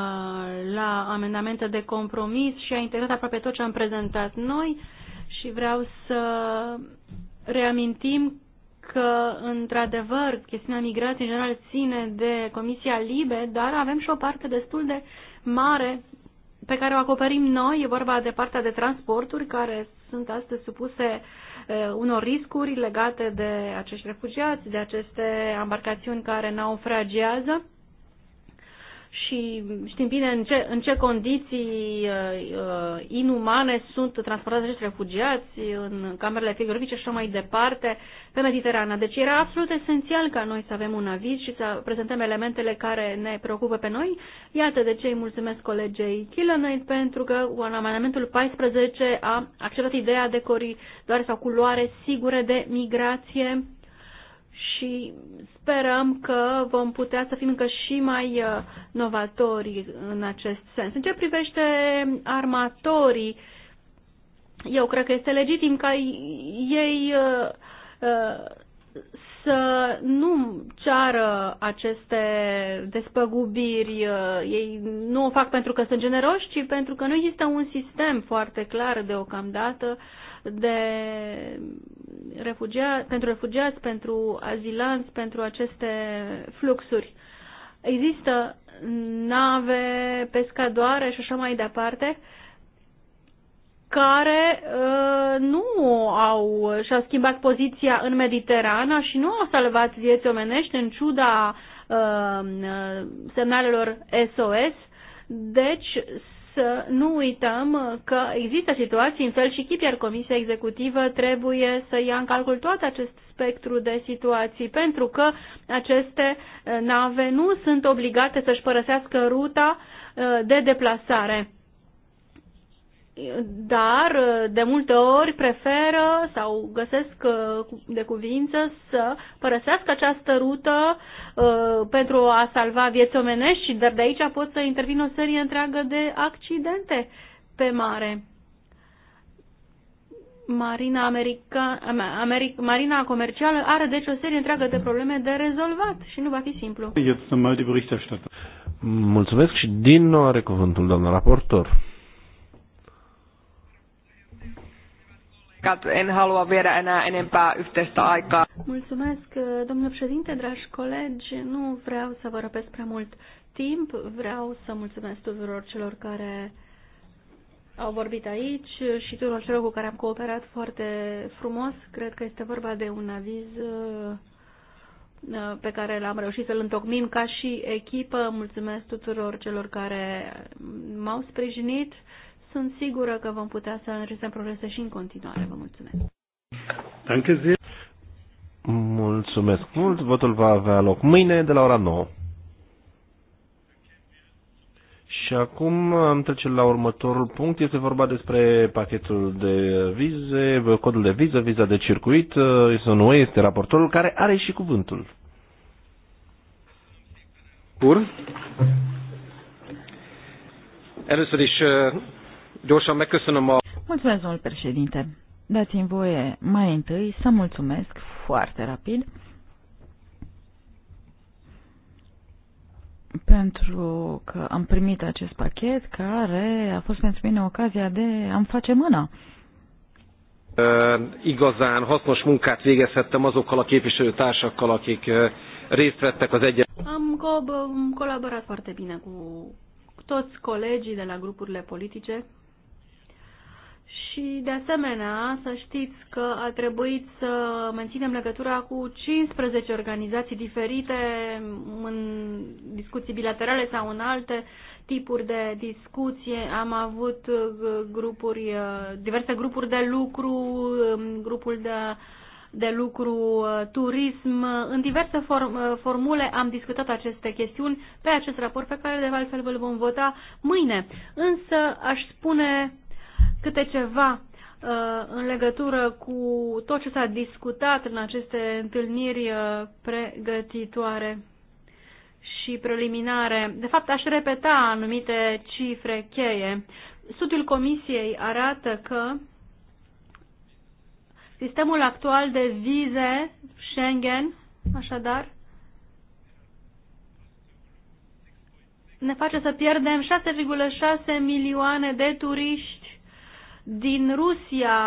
Speaker 1: la amendamente de compromis și a integrat aproape tot ce am prezentat noi și vreau să reamintim că, într-adevăr, chestiunea migrației, în general, ține de Comisia Libe, dar avem și o parte destul de mare pe care o acoperim noi. E vorba de partea de transporturi, care sunt astăzi supuse unor riscuri legate de acești refugiați, de aceste embarcațiuni care naufragează și știm bine în ce, în ce condiții uh, uh inumane sunt transportați acești refugiați în camerele frigorifice și așa mai departe pe Mediterana. Deci era absolut esențial ca noi să avem un aviz și să prezentăm elementele care ne preocupă pe noi. Iată de ce îi mulțumesc colegei Killenait pentru că în amendamentul 14 a acceptat ideea de coridoare sau culoare sigure de migrație și sperăm că vom putea să fim încă și mai uh, novatori în acest sens. În ce privește armatorii, eu cred că este legitim ca ei uh, uh, să nu ceară aceste despăgubiri. Ei nu o fac pentru că sunt generoși, ci pentru că nu există un sistem foarte clar deocamdată de refugia, pentru refugiați, pentru azilanți, pentru aceste fluxuri. Există nave, pescadoare și așa mai departe, care uh, nu au și-au schimbat poziția în Mediterana și nu au salvat vieți omenești în ciuda uh, uh semnalelor SOS. Deci să nu uităm că există situații în fel și chip, iar Comisia Executivă trebuie să ia în calcul tot acest spectru de situații, pentru că aceste uh, nave nu sunt obligate să-și părăsească ruta uh, de deplasare dar uh, de multe ori preferă sau găsesc uh, de cuvință să părăsească această rută uh, pentru a salva vieți omenești, dar de aici pot să intervină o serie întreagă de accidente pe mare. Marina, America, America, marina comercială are deci o serie întreagă de probleme de rezolvat și nu va fi simplu.
Speaker 2: Mulțumesc și din nou are cuvântul doamna raportor. en halua viedä enää enempää yhteistä aikaa.
Speaker 1: Mulțumesc, domnule președinte, dragi colegi. Nu vreau să vă răpesc prea mult timp. Vreau să mulțumesc tuturor celor care au vorbit aici și tuturor celor cu care am cooperat foarte frumos. Cred că este vorba de un aviz pe care l-am reușit să-l întocmim ca și echipă. Mulțumesc tuturor celor care m-au sprijinit sunt sigură că vom putea să înregistrăm progrese și în continuare. Vă mulțumesc.
Speaker 2: Danke Mulțumesc mult. Votul va avea loc mâine de la ora 9. Și acum am trece la următorul punct. Este vorba despre pachetul de vize, codul de viză, viza de circuit. Isonue este raportorul care are și cuvântul. Pur. Először is Gyorsan megköszönöm a...
Speaker 3: Mulțumesc, domnul președinte. Dați-mi voie mai întâi să mulțumesc foarte rapid pentru că am primit acest pachet care a fost pentru mine ocazia de a-mi face mâna.
Speaker 2: Uh, igazán hasznos munkát végezhettem azokkal a képviselőtársakkal, akik uh, részt vettek az egyet.
Speaker 1: Am co colaborat foarte bine cu toți colegii de la grupurile politice și, de asemenea, să știți că a trebuit să menținem legătura cu 15 organizații diferite în discuții bilaterale sau în alte tipuri de discuție. Am avut uh, grupuri, uh, diverse grupuri de lucru, um, grupul de de lucru, uh, turism, în diverse form, formule am discutat aceste chestiuni pe acest raport pe care de altfel îl vom vota mâine. Însă aș spune câte ceva uh, în legătură cu tot ce s-a discutat în aceste întâlniri uh, pregătitoare și preliminare. De fapt, aș repeta anumite cifre cheie. Studiul Comisiei arată că sistemul actual de vize Schengen, așadar, ne face să pierdem 6,6 milioane de turiști din Rusia,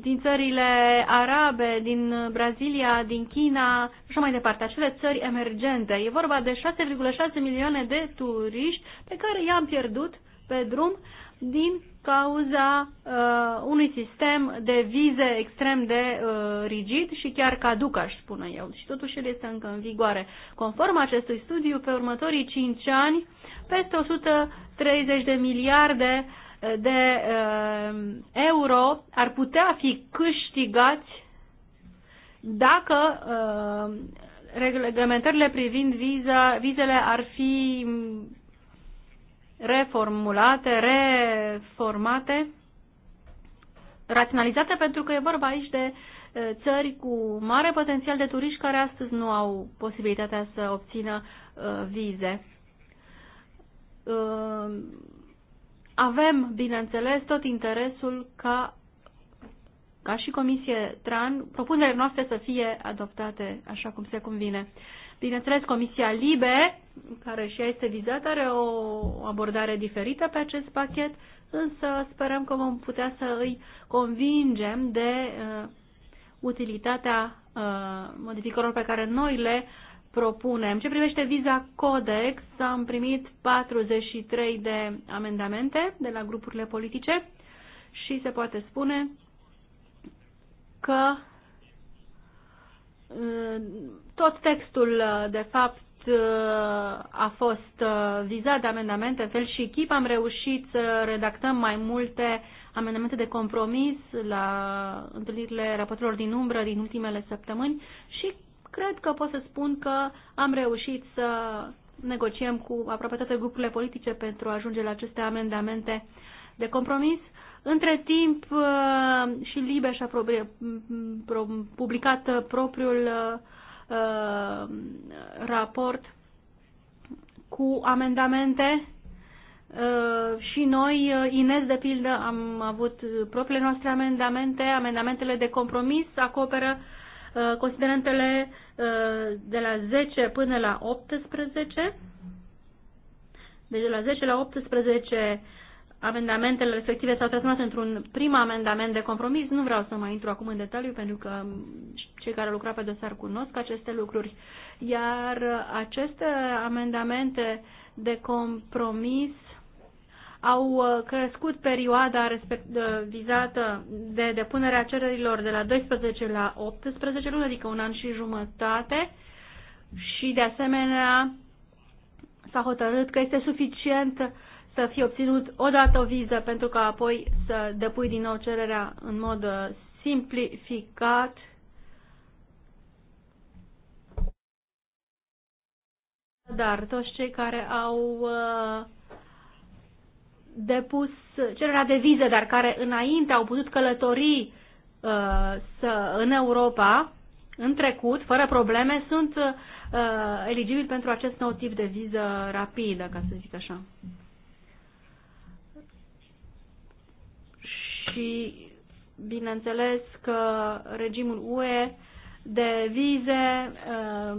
Speaker 1: din țările arabe, din Brazilia, din China și așa mai departe, acele țări emergente. E vorba de 6,6 milioane de turiști pe care i-am pierdut pe drum din cauza uh, unui sistem de vize extrem de uh, rigid și chiar caduc, aș spune eu. Și totuși el este încă în vigoare. Conform acestui studiu, pe următorii 5 ani, peste 130 de miliarde uh, de eh, euro ar putea fi câștigați dacă eh, reglementările privind viza, vizele ar fi reformulate, reformate, raționalizate, pentru că e vorba aici de eh, țări cu mare potențial de turiști care astăzi nu au posibilitatea să obțină vize avem, bineînțeles, tot interesul ca, ca și Comisie TRAN, propunerile noastre să fie adoptate așa cum se convine. Bineînțeles, Comisia LIBE, care și ea este vizată, are o abordare diferită pe acest pachet, însă sperăm că vom putea să îi convingem de uh, utilitatea uh, modificărilor pe care noi le propunem. Ce privește Visa Codex, am primit 43 de amendamente de la grupurile politice și se poate spune că uh, tot textul, uh, de fapt, uh, a fost vizat de amendamente, fel și chip. Am reușit să redactăm mai multe amendamente de compromis la întâlnirile raportelor din umbră din ultimele săptămâni și cred că pot să spun că am reușit să negociem cu aproape toate grupurile politice pentru a ajunge la aceste amendamente de compromis. Între timp uh, și Libe și-a publicat propriul uh, uh, raport cu amendamente și noi, Inez de pildă, am avut propriile noastre amendamente, amendamentele de compromis acoperă uh, Uh, considerentele uh, de la 10 până la 18, deci de la 10 la 18 amendamentele respective s-au transformat într-un prim amendament de compromis. Nu vreau să mai intru acum în detaliu pentru că cei care lucrau pe dosar cunosc aceste lucruri. Iar aceste amendamente de compromis au uh, crescut perioada respect, uh, vizată de depunerea cererilor de la 12 la 18 luni, adică un an și jumătate, și de asemenea s-a hotărât că este suficient să fie obținut odată o viză pentru ca apoi să depui din nou cererea în mod uh, simplificat dar toți cei care au uh, depus cererea de viză, dar care înainte au putut călători uh, să, în Europa, în trecut, fără probleme, sunt uh, eligibili pentru acest nou tip de viză rapidă, ca să zic așa. Și bineînțeles că regimul UE de vize uh,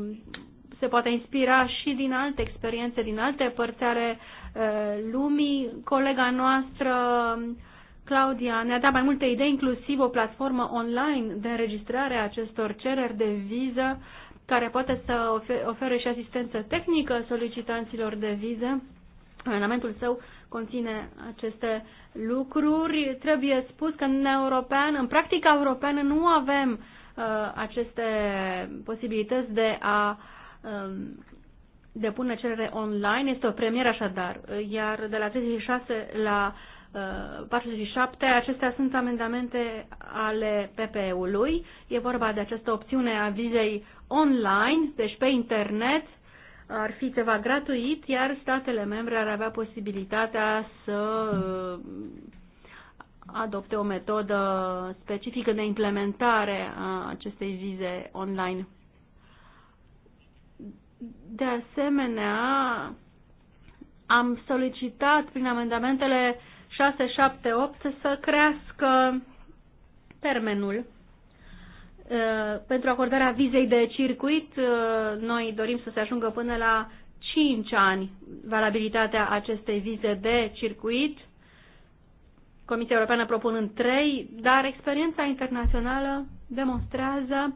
Speaker 1: se poate inspira și din alte experiențe, din alte părți ale Uh, lumii. Colega noastră, Claudia, ne-a dat mai multe idei, inclusiv o platformă online de înregistrare a acestor cereri de viză, care poate să ofere și asistență tehnică solicitanților de viză. Amendamentul său conține aceste lucruri. Trebuie spus că în european, în practica europeană, nu avem uh, aceste posibilități de a um, depune cerere online. Este o premieră așadar, iar de la 36 la 47, uh, acestea sunt amendamente ale PPE-ului. E vorba de această opțiune a vizei online, deci pe internet, ar fi ceva gratuit, iar statele membre ar avea posibilitatea să uh, adopte o metodă specifică de implementare a acestei vize online. De asemenea, am solicitat prin amendamentele 6, 7, 8 să crească termenul uh, pentru acordarea vizei de circuit. Uh, noi dorim să se ajungă până la 5 ani valabilitatea acestei vize de circuit. Comisia Europeană propunând 3, dar experiența internațională demonstrează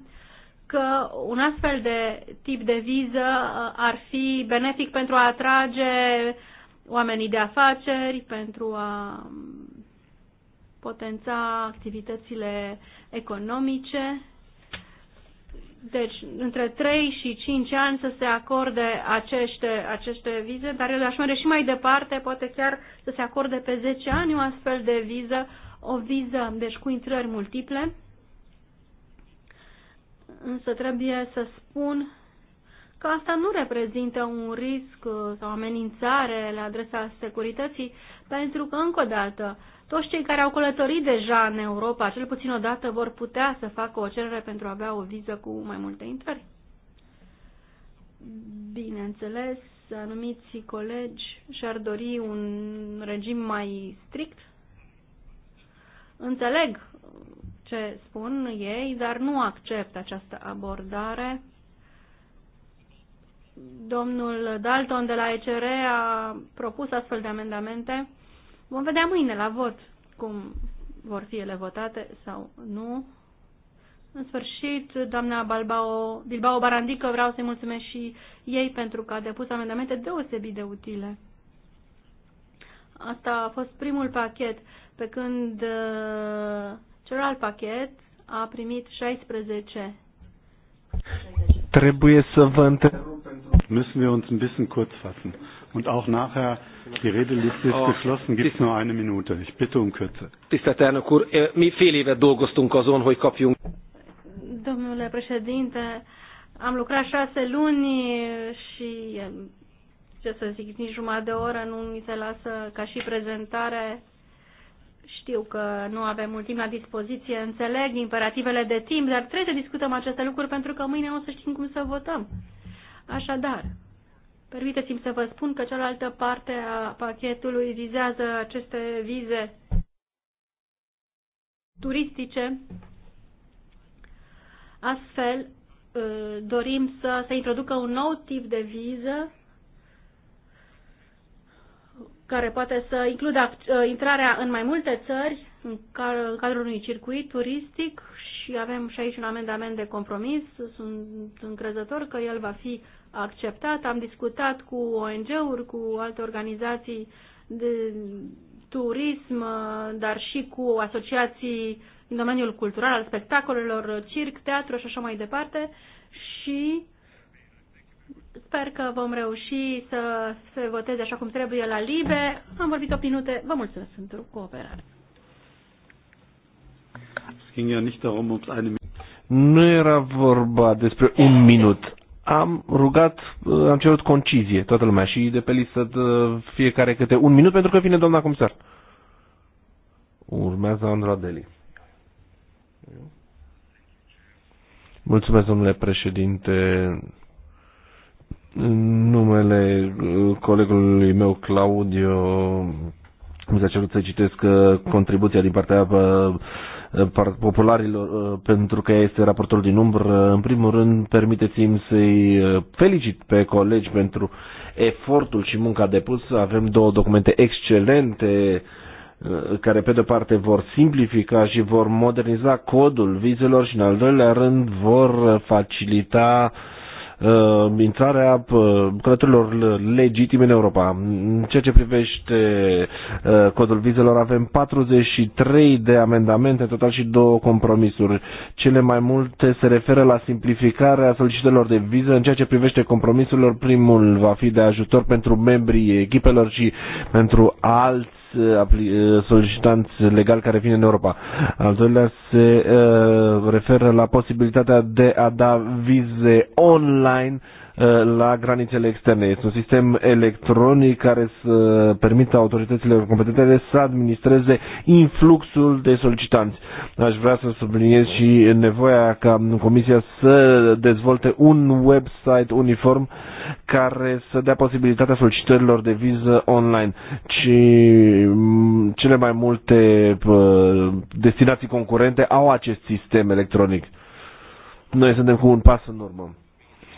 Speaker 1: că un astfel de tip de viză uh, ar fi benefic pentru a atrage oamenii de afaceri, pentru a um, potența activitățile economice. Deci, între 3 și 5 ani să se acorde aceste, aceste vize, dar eu aș merge și mai departe, poate chiar să se acorde pe 10 ani o astfel de viză, o viză, deci cu intrări multiple Însă trebuie să spun că asta nu reprezintă un risc uh, sau amenințare la adresa securității, pentru că, încă o dată, toți cei care au călătorit deja în Europa, cel puțin o dată, vor putea să facă o cerere pentru a avea o viză cu mai multe intrări. Bineînțeles, anumiți colegi și-ar dori un regim mai strict. Înțeleg ce spun ei, dar nu accept această abordare. Domnul Dalton de la ECR a propus astfel de amendamente. Vom vedea mâine la vot cum vor fi ele votate sau nu. În sfârșit, doamna Balbao, Bilbao Barandică, vreau să-i mulțumesc și ei pentru că a depus amendamente deosebit de utile. Asta a fost primul pachet, pe când uh, Celălalt pachet a primit 16.
Speaker 2: Trebuie să vă întrerup müssen wir uns ein bisschen kurz fassen. Und auch nachher, die Redeliste ist oh, geschlossen, gibt es nur eine Minute. Ich bitte um Kürze. Eh,
Speaker 1: Domnule președinte, am lucrat șase luni și, ce să zic, nici jumătate de oră nu mi se lasă ca și prezentare știu că nu avem mult timp la dispoziție, înțeleg imperativele de timp, dar trebuie să discutăm aceste lucruri pentru că mâine o să știm cum să votăm. Așadar, permiteți-mi să vă spun că cealaltă parte a pachetului vizează aceste vize turistice. Astfel, ă, dorim să se introducă un nou tip de viză care poate să includă uh, intrarea în mai multe țări în cadrul unui circuit turistic și avem și aici un amendament de compromis. Sunt încrezător că el va fi acceptat. Am discutat cu ONG-uri, cu alte organizații de turism, uh, dar și cu asociații în domeniul cultural, al spectacolelor, uh, circ, teatru și așa mai departe și Sper că vom reuși să se voteze așa cum trebuie la LIBE. Am vorbit o minute. Vă mulțumesc pentru cooperare.
Speaker 2: Nu era vorba despre un minut. Am rugat, am cerut concizie toată lumea și de pe listă uh, fiecare câte un minut pentru că vine doamna comisar. Urmează Andra Deli. Mulțumesc, domnule președinte numele uh, colegului meu, Claudio, mi s-a cerut să citesc uh, contribuția din partea uh, popularilor pentru că este raportorul din umbră. În primul rând, permiteți-mi să-i felicit pe colegi pentru efortul și munca depusă. Avem două documente excelente care pe de o parte vor simplifica și vor moderniza codul vizelor și în al doilea rând vor facilita uh, uh, intrarea uh, călătorilor legitime în Europa. În ceea ce privește uh, codul vizelor, avem 43 de amendamente, în total și două compromisuri. Cele mai multe se referă la simplificarea solicitărilor de viză. În ceea ce privește compromisurilor, primul va fi de ajutor pentru membrii echipelor și pentru alți Uh, uh, solicitanți legali care vin în Europa. Al doilea se uh, referă la posibilitatea de a da vize online uh, Uh, la granițele externe. Este un sistem electronic care să permită autorităților competente să administreze influxul de solicitanți. Aș vrea să subliniez și nevoia ca Comisia să dezvolte un website uniform care să dea posibilitatea solicitărilor de viză online. Și mm, cele mai multe uh, destinații concurente au acest sistem electronic. Noi suntem cu un pas în urmă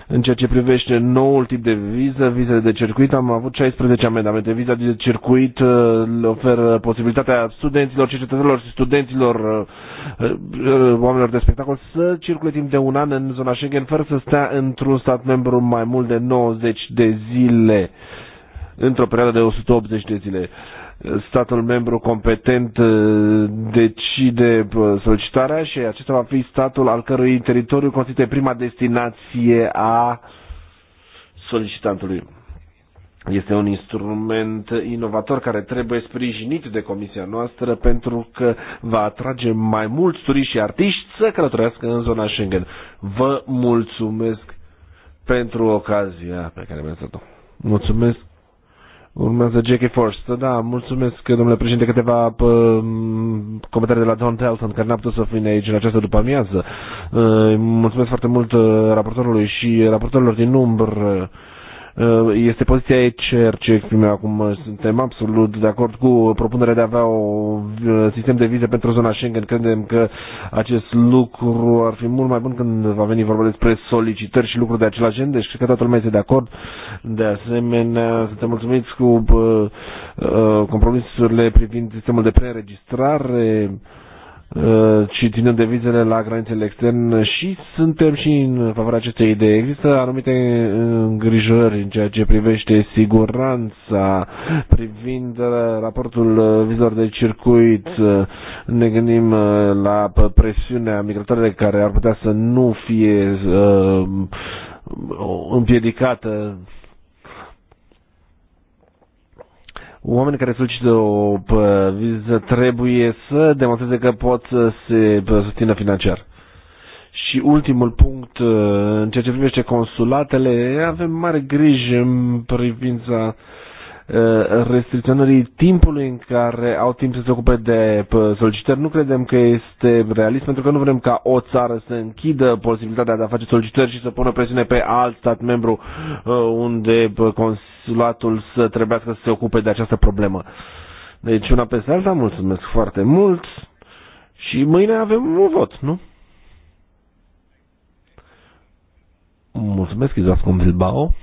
Speaker 2: în ceea ce privește noul tip de viză, vizele de circuit, am avut 16 amendamente. Viza de circuit uh, le oferă posibilitatea studenților, cercetătorilor și studenților, uh, uh, oamenilor de spectacol să circule timp de un an în zona Schengen fără să stea într-un stat membru mai mult de 90 de zile într-o perioadă de 180 de zile statul membru competent uh, decide uh, solicitarea și acesta va fi statul al cărui teritoriu constituie prima destinație a solicitantului. Este un instrument inovator care trebuie sprijinit de comisia noastră pentru că va atrage mai mulți turiști și artiști să călătorească în zona Schengen. Vă mulțumesc pentru ocazia pe care mi-ați dat-o. Mulțumesc Urmează Jackie Force. Da, mulțumesc, domnule președinte, câteva pă, comentarii de la Don Telson, care n-a putut să vină aici în această după-amiază. Mulțumesc foarte mult uh, raportorului și raportorilor din umbră Uh, este poziția ECR ce exprimă acum. Uh, suntem absolut de acord cu propunerea de a avea un uh, sistem de vize pentru zona Schengen. Credem că acest lucru ar fi mult mai bun când va veni vorba despre solicitări și lucruri de același gen. Deci cred că toată lumea este de acord. De asemenea, suntem mulțumiți cu compromisurile privind sistemul de preregistrare. Uh, ci uh, ținând devizele la granițele externe și suntem și în favoarea acestei idei. Există anumite uh, îngrijorări în ceea ce privește siguranța privind uh, raportul vizor de circuit. Ne gândim la presiunea migratoare care ar putea să nu fie împiedicată oamenii care solicită o viză trebuie să demonstreze că pot să se susțină financiar. Și ultimul punct, uh, în ceea ce privește consulatele, avem mare grijă în privința uh, restricționării timpului în care au timp să se ocupe de solicitări. Nu credem că este realist pentru că nu vrem ca o țară să închidă posibilitatea de a face solicitări și să pună presiune pe alt stat membru uh, unde consider consulatul să trebuiască să se ocupe de această problemă. Deci una peste alta, mulțumesc foarte mult și mâine avem un vot, nu? Mulțumesc, Izoascom Bilbao.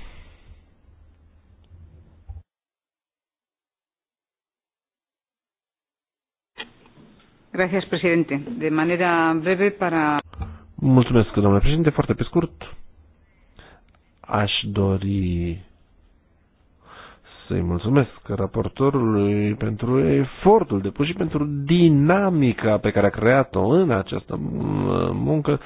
Speaker 3: Gracias, presidente. De manera breve para...
Speaker 2: Mulțumesc, domnule președinte. Foarte pe scurt, aș dori să-i mulțumesc raportorului pentru efortul depus și pentru dinamica pe care a creat-o în această muncă.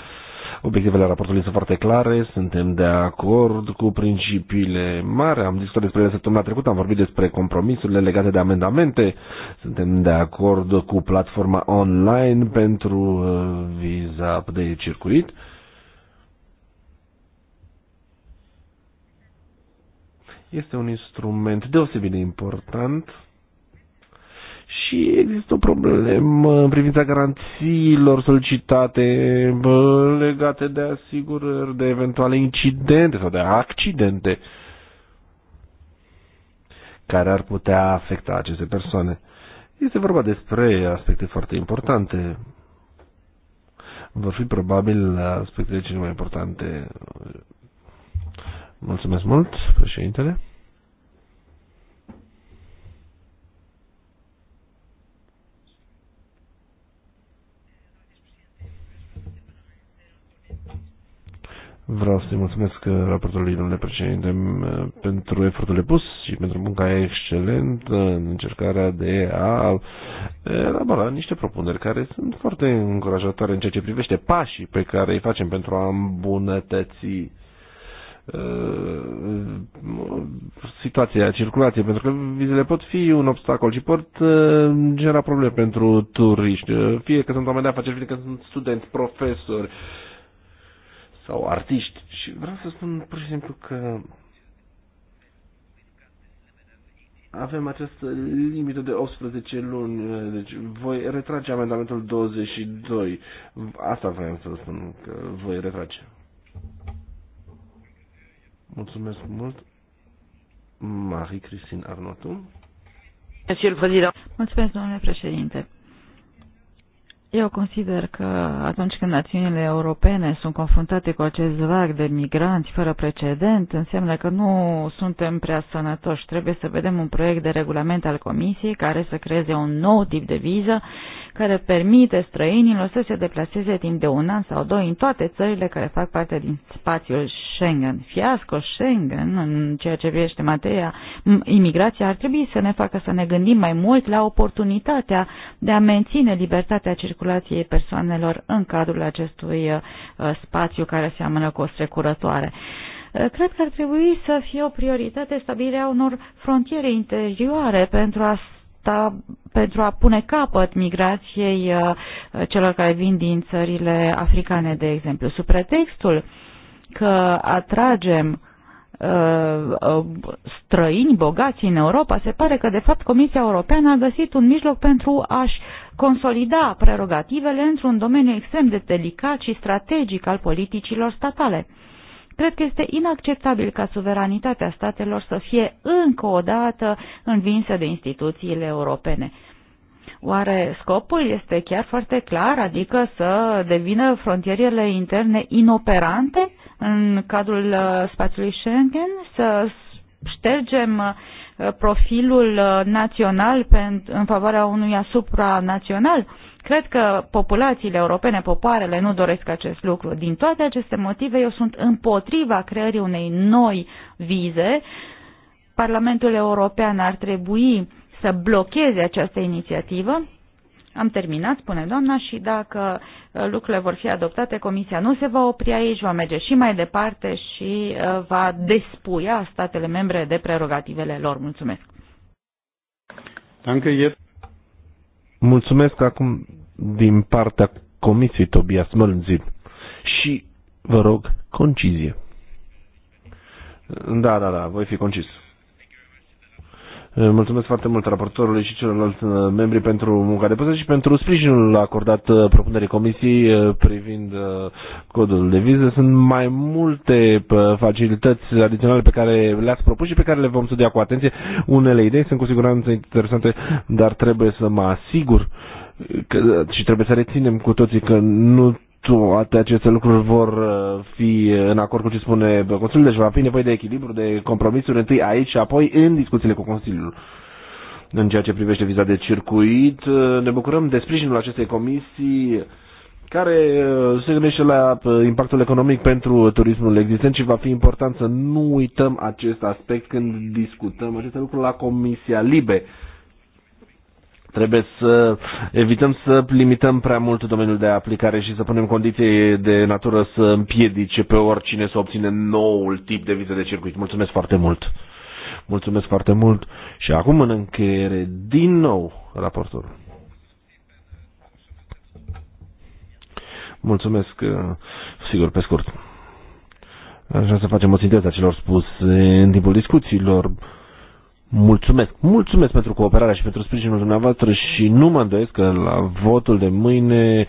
Speaker 2: Obiectivele raportului sunt foarte clare, suntem de acord cu principiile mari, am discutat despre ele săptămâna trecută, am vorbit despre compromisurile legate de amendamente, suntem de acord cu platforma online pentru uh, viza de circuit. Uh, este un instrument deosebit de important și există o problemă în privința garanțiilor solicitate legate de asigurări, de eventuale incidente sau de accidente care ar putea afecta aceste persoane. Este vorba despre aspecte foarte importante. Vor fi probabil aspectele cele mai importante Mulțumesc mult, președintele. Vreau să-i mulțumesc raportului domnule președinte pentru efortul depus și pentru munca excelentă în încercarea de a elabora niște propuneri care sunt foarte încurajatoare în ceea ce privește pașii pe care îi facem pentru a îmbunătăți Uh, situația circulației, pentru că vizele pot fi un obstacol și pot uh, genera probleme pentru turiști, uh, fie că sunt oameni de afaceri, fie că sunt studenți, profesori sau artiști. Și vreau să spun pur și simplu că avem această limită de 18 luni, deci voi retrage amendamentul 22. Asta vreau să spun, că voi retrage. Mulțumesc mult. Marie-Christine Arnotu.
Speaker 3: Mulțumesc, domnule președinte. Eu consider că atunci când națiunile europene sunt confruntate cu acest vag de migranți fără precedent, înseamnă că nu suntem prea sănătoși. Trebuie să vedem un proiect de regulament al Comisiei care să creeze un nou tip de viză care permite străinilor să se deplaseze timp de un an sau doi în toate țările care fac parte din spațiul Schengen. Fiasco Schengen, în ceea ce privește materia imigrația, ar trebui să ne facă să ne gândim mai mult la oportunitatea de a menține libertatea circulației persoanelor în cadrul acestui uh, spațiu care seamănă cu o strecurătoare uh, cred că ar trebui să fie o prioritate stabilirea unor frontiere interioare pentru a asta pentru a pune capăt migrației uh, celor care vin din țările africane, de exemplu. Sub pretextul că atragem uh, uh, străini bogați în Europa, se pare că de fapt Comisia Europeană a găsit un mijloc pentru a-și consolida prerogativele într-un domeniu extrem de delicat și strategic al politicilor statale. Cred că este inacceptabil ca suveranitatea statelor să fie încă o dată învinsă de instituțiile europene. Oare scopul este chiar foarte clar, adică să devină frontierele interne inoperante în cadrul uh, spațiului Schengen, să ștergem uh, profilul uh, național în favoarea unui asupra național? Cred că populațiile europene, popoarele, nu doresc acest lucru. Din toate aceste motive, eu sunt împotriva creării unei noi vize. Parlamentul European ar trebui să blocheze această inițiativă. Am terminat, spune doamna, și dacă uh, lucrurile vor fi adoptate, Comisia nu se va opri aici, va merge și mai departe și uh, va despuia statele membre de prerogativele lor. Mulțumesc!
Speaker 2: Mulțumesc acum din partea Comisiei Tobias Mălnzin. Și, vă rog, concizie. Da, da, da, voi fi concis. Mulțumesc foarte mult raportorului și celorlalți uh, membri pentru munca depusă și pentru sprijinul acordat uh, propunerii comisiei uh, privind codul de viză. Sunt mai multe facilități adiționale pe care le-ați propus și pe care le vom studia cu atenție. Unele idei sunt cu siguranță interesante, dar trebuie să mă asigur uh, că, și trebuie să reținem cu toții că nu toate aceste lucruri vor uh, fi în acord cu ce spune Consiliul, deci va fi nevoie de echilibru, de compromisuri întâi aici și apoi în discuțiile cu Consiliul. În ceea ce privește viza de circuit, uh, ne bucurăm de sprijinul acestei comisii care uh, se gândește la impactul economic pentru turismul existent și va fi important să nu uităm acest aspect când discutăm aceste lucruri la Comisia Libe Trebuie să evităm să limităm prea mult domeniul de aplicare și să punem condiții de natură să împiedice pe oricine să obține noul tip de viză de circuit. Mulțumesc foarte mult! Mulțumesc foarte mult! Și acum în încheiere, din nou, raportorul. Mulțumesc, uh, sigur, pe scurt. Așa să facem o sinteză a celor spuse în timpul discuțiilor. Mulțumesc, mulțumesc pentru cooperarea și pentru sprijinul dumneavoastră și nu mă îndoiesc că la votul de mâine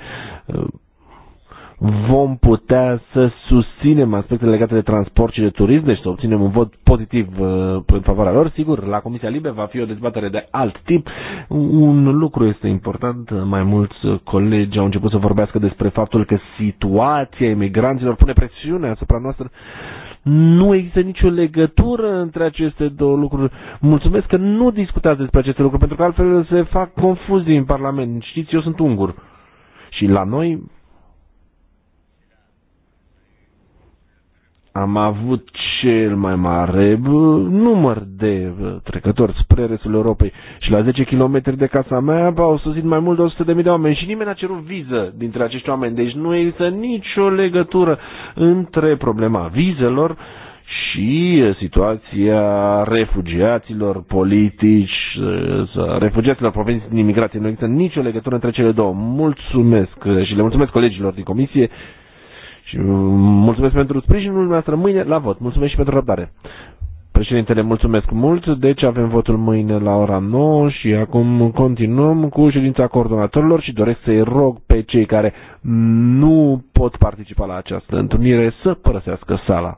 Speaker 2: vom putea să susținem aspectele legate de transport și de turism, deci să obținem un vot pozitiv uh, în favoarea lor. Sigur, la Comisia Libe va fi o dezbatere de alt tip. Un lucru este important, mai mulți colegi au început să vorbească despre faptul că situația emigranților pune presiune asupra noastră. Nu există nicio legătură între aceste două lucruri. Mulțumesc că nu discutați despre aceste lucruri, pentru că altfel se fac confuzii în Parlament. Știți, eu sunt ungur. Și la noi am avut cel mai mare număr de trecători spre restul Europei și la 10 km de casa mea au susținut mai mult de 100.000 de oameni și nimeni n-a cerut viză dintre acești oameni. Deci nu există nicio legătură între problema vizelor și situația refugiaților politici, refugiaților proveniți din imigrație. Nu există nicio legătură între cele două. Mulțumesc și le mulțumesc colegilor din comisie și uh, mulțumesc pentru sprijinul noastră mâine la vot. Mulțumesc și pentru răbdare. Președintele, mulțumesc mult. Deci avem votul mâine la ora 9 și acum continuăm cu ședința coordonatorilor și doresc să-i rog pe cei care nu pot participa la această întâlnire să părăsească sala.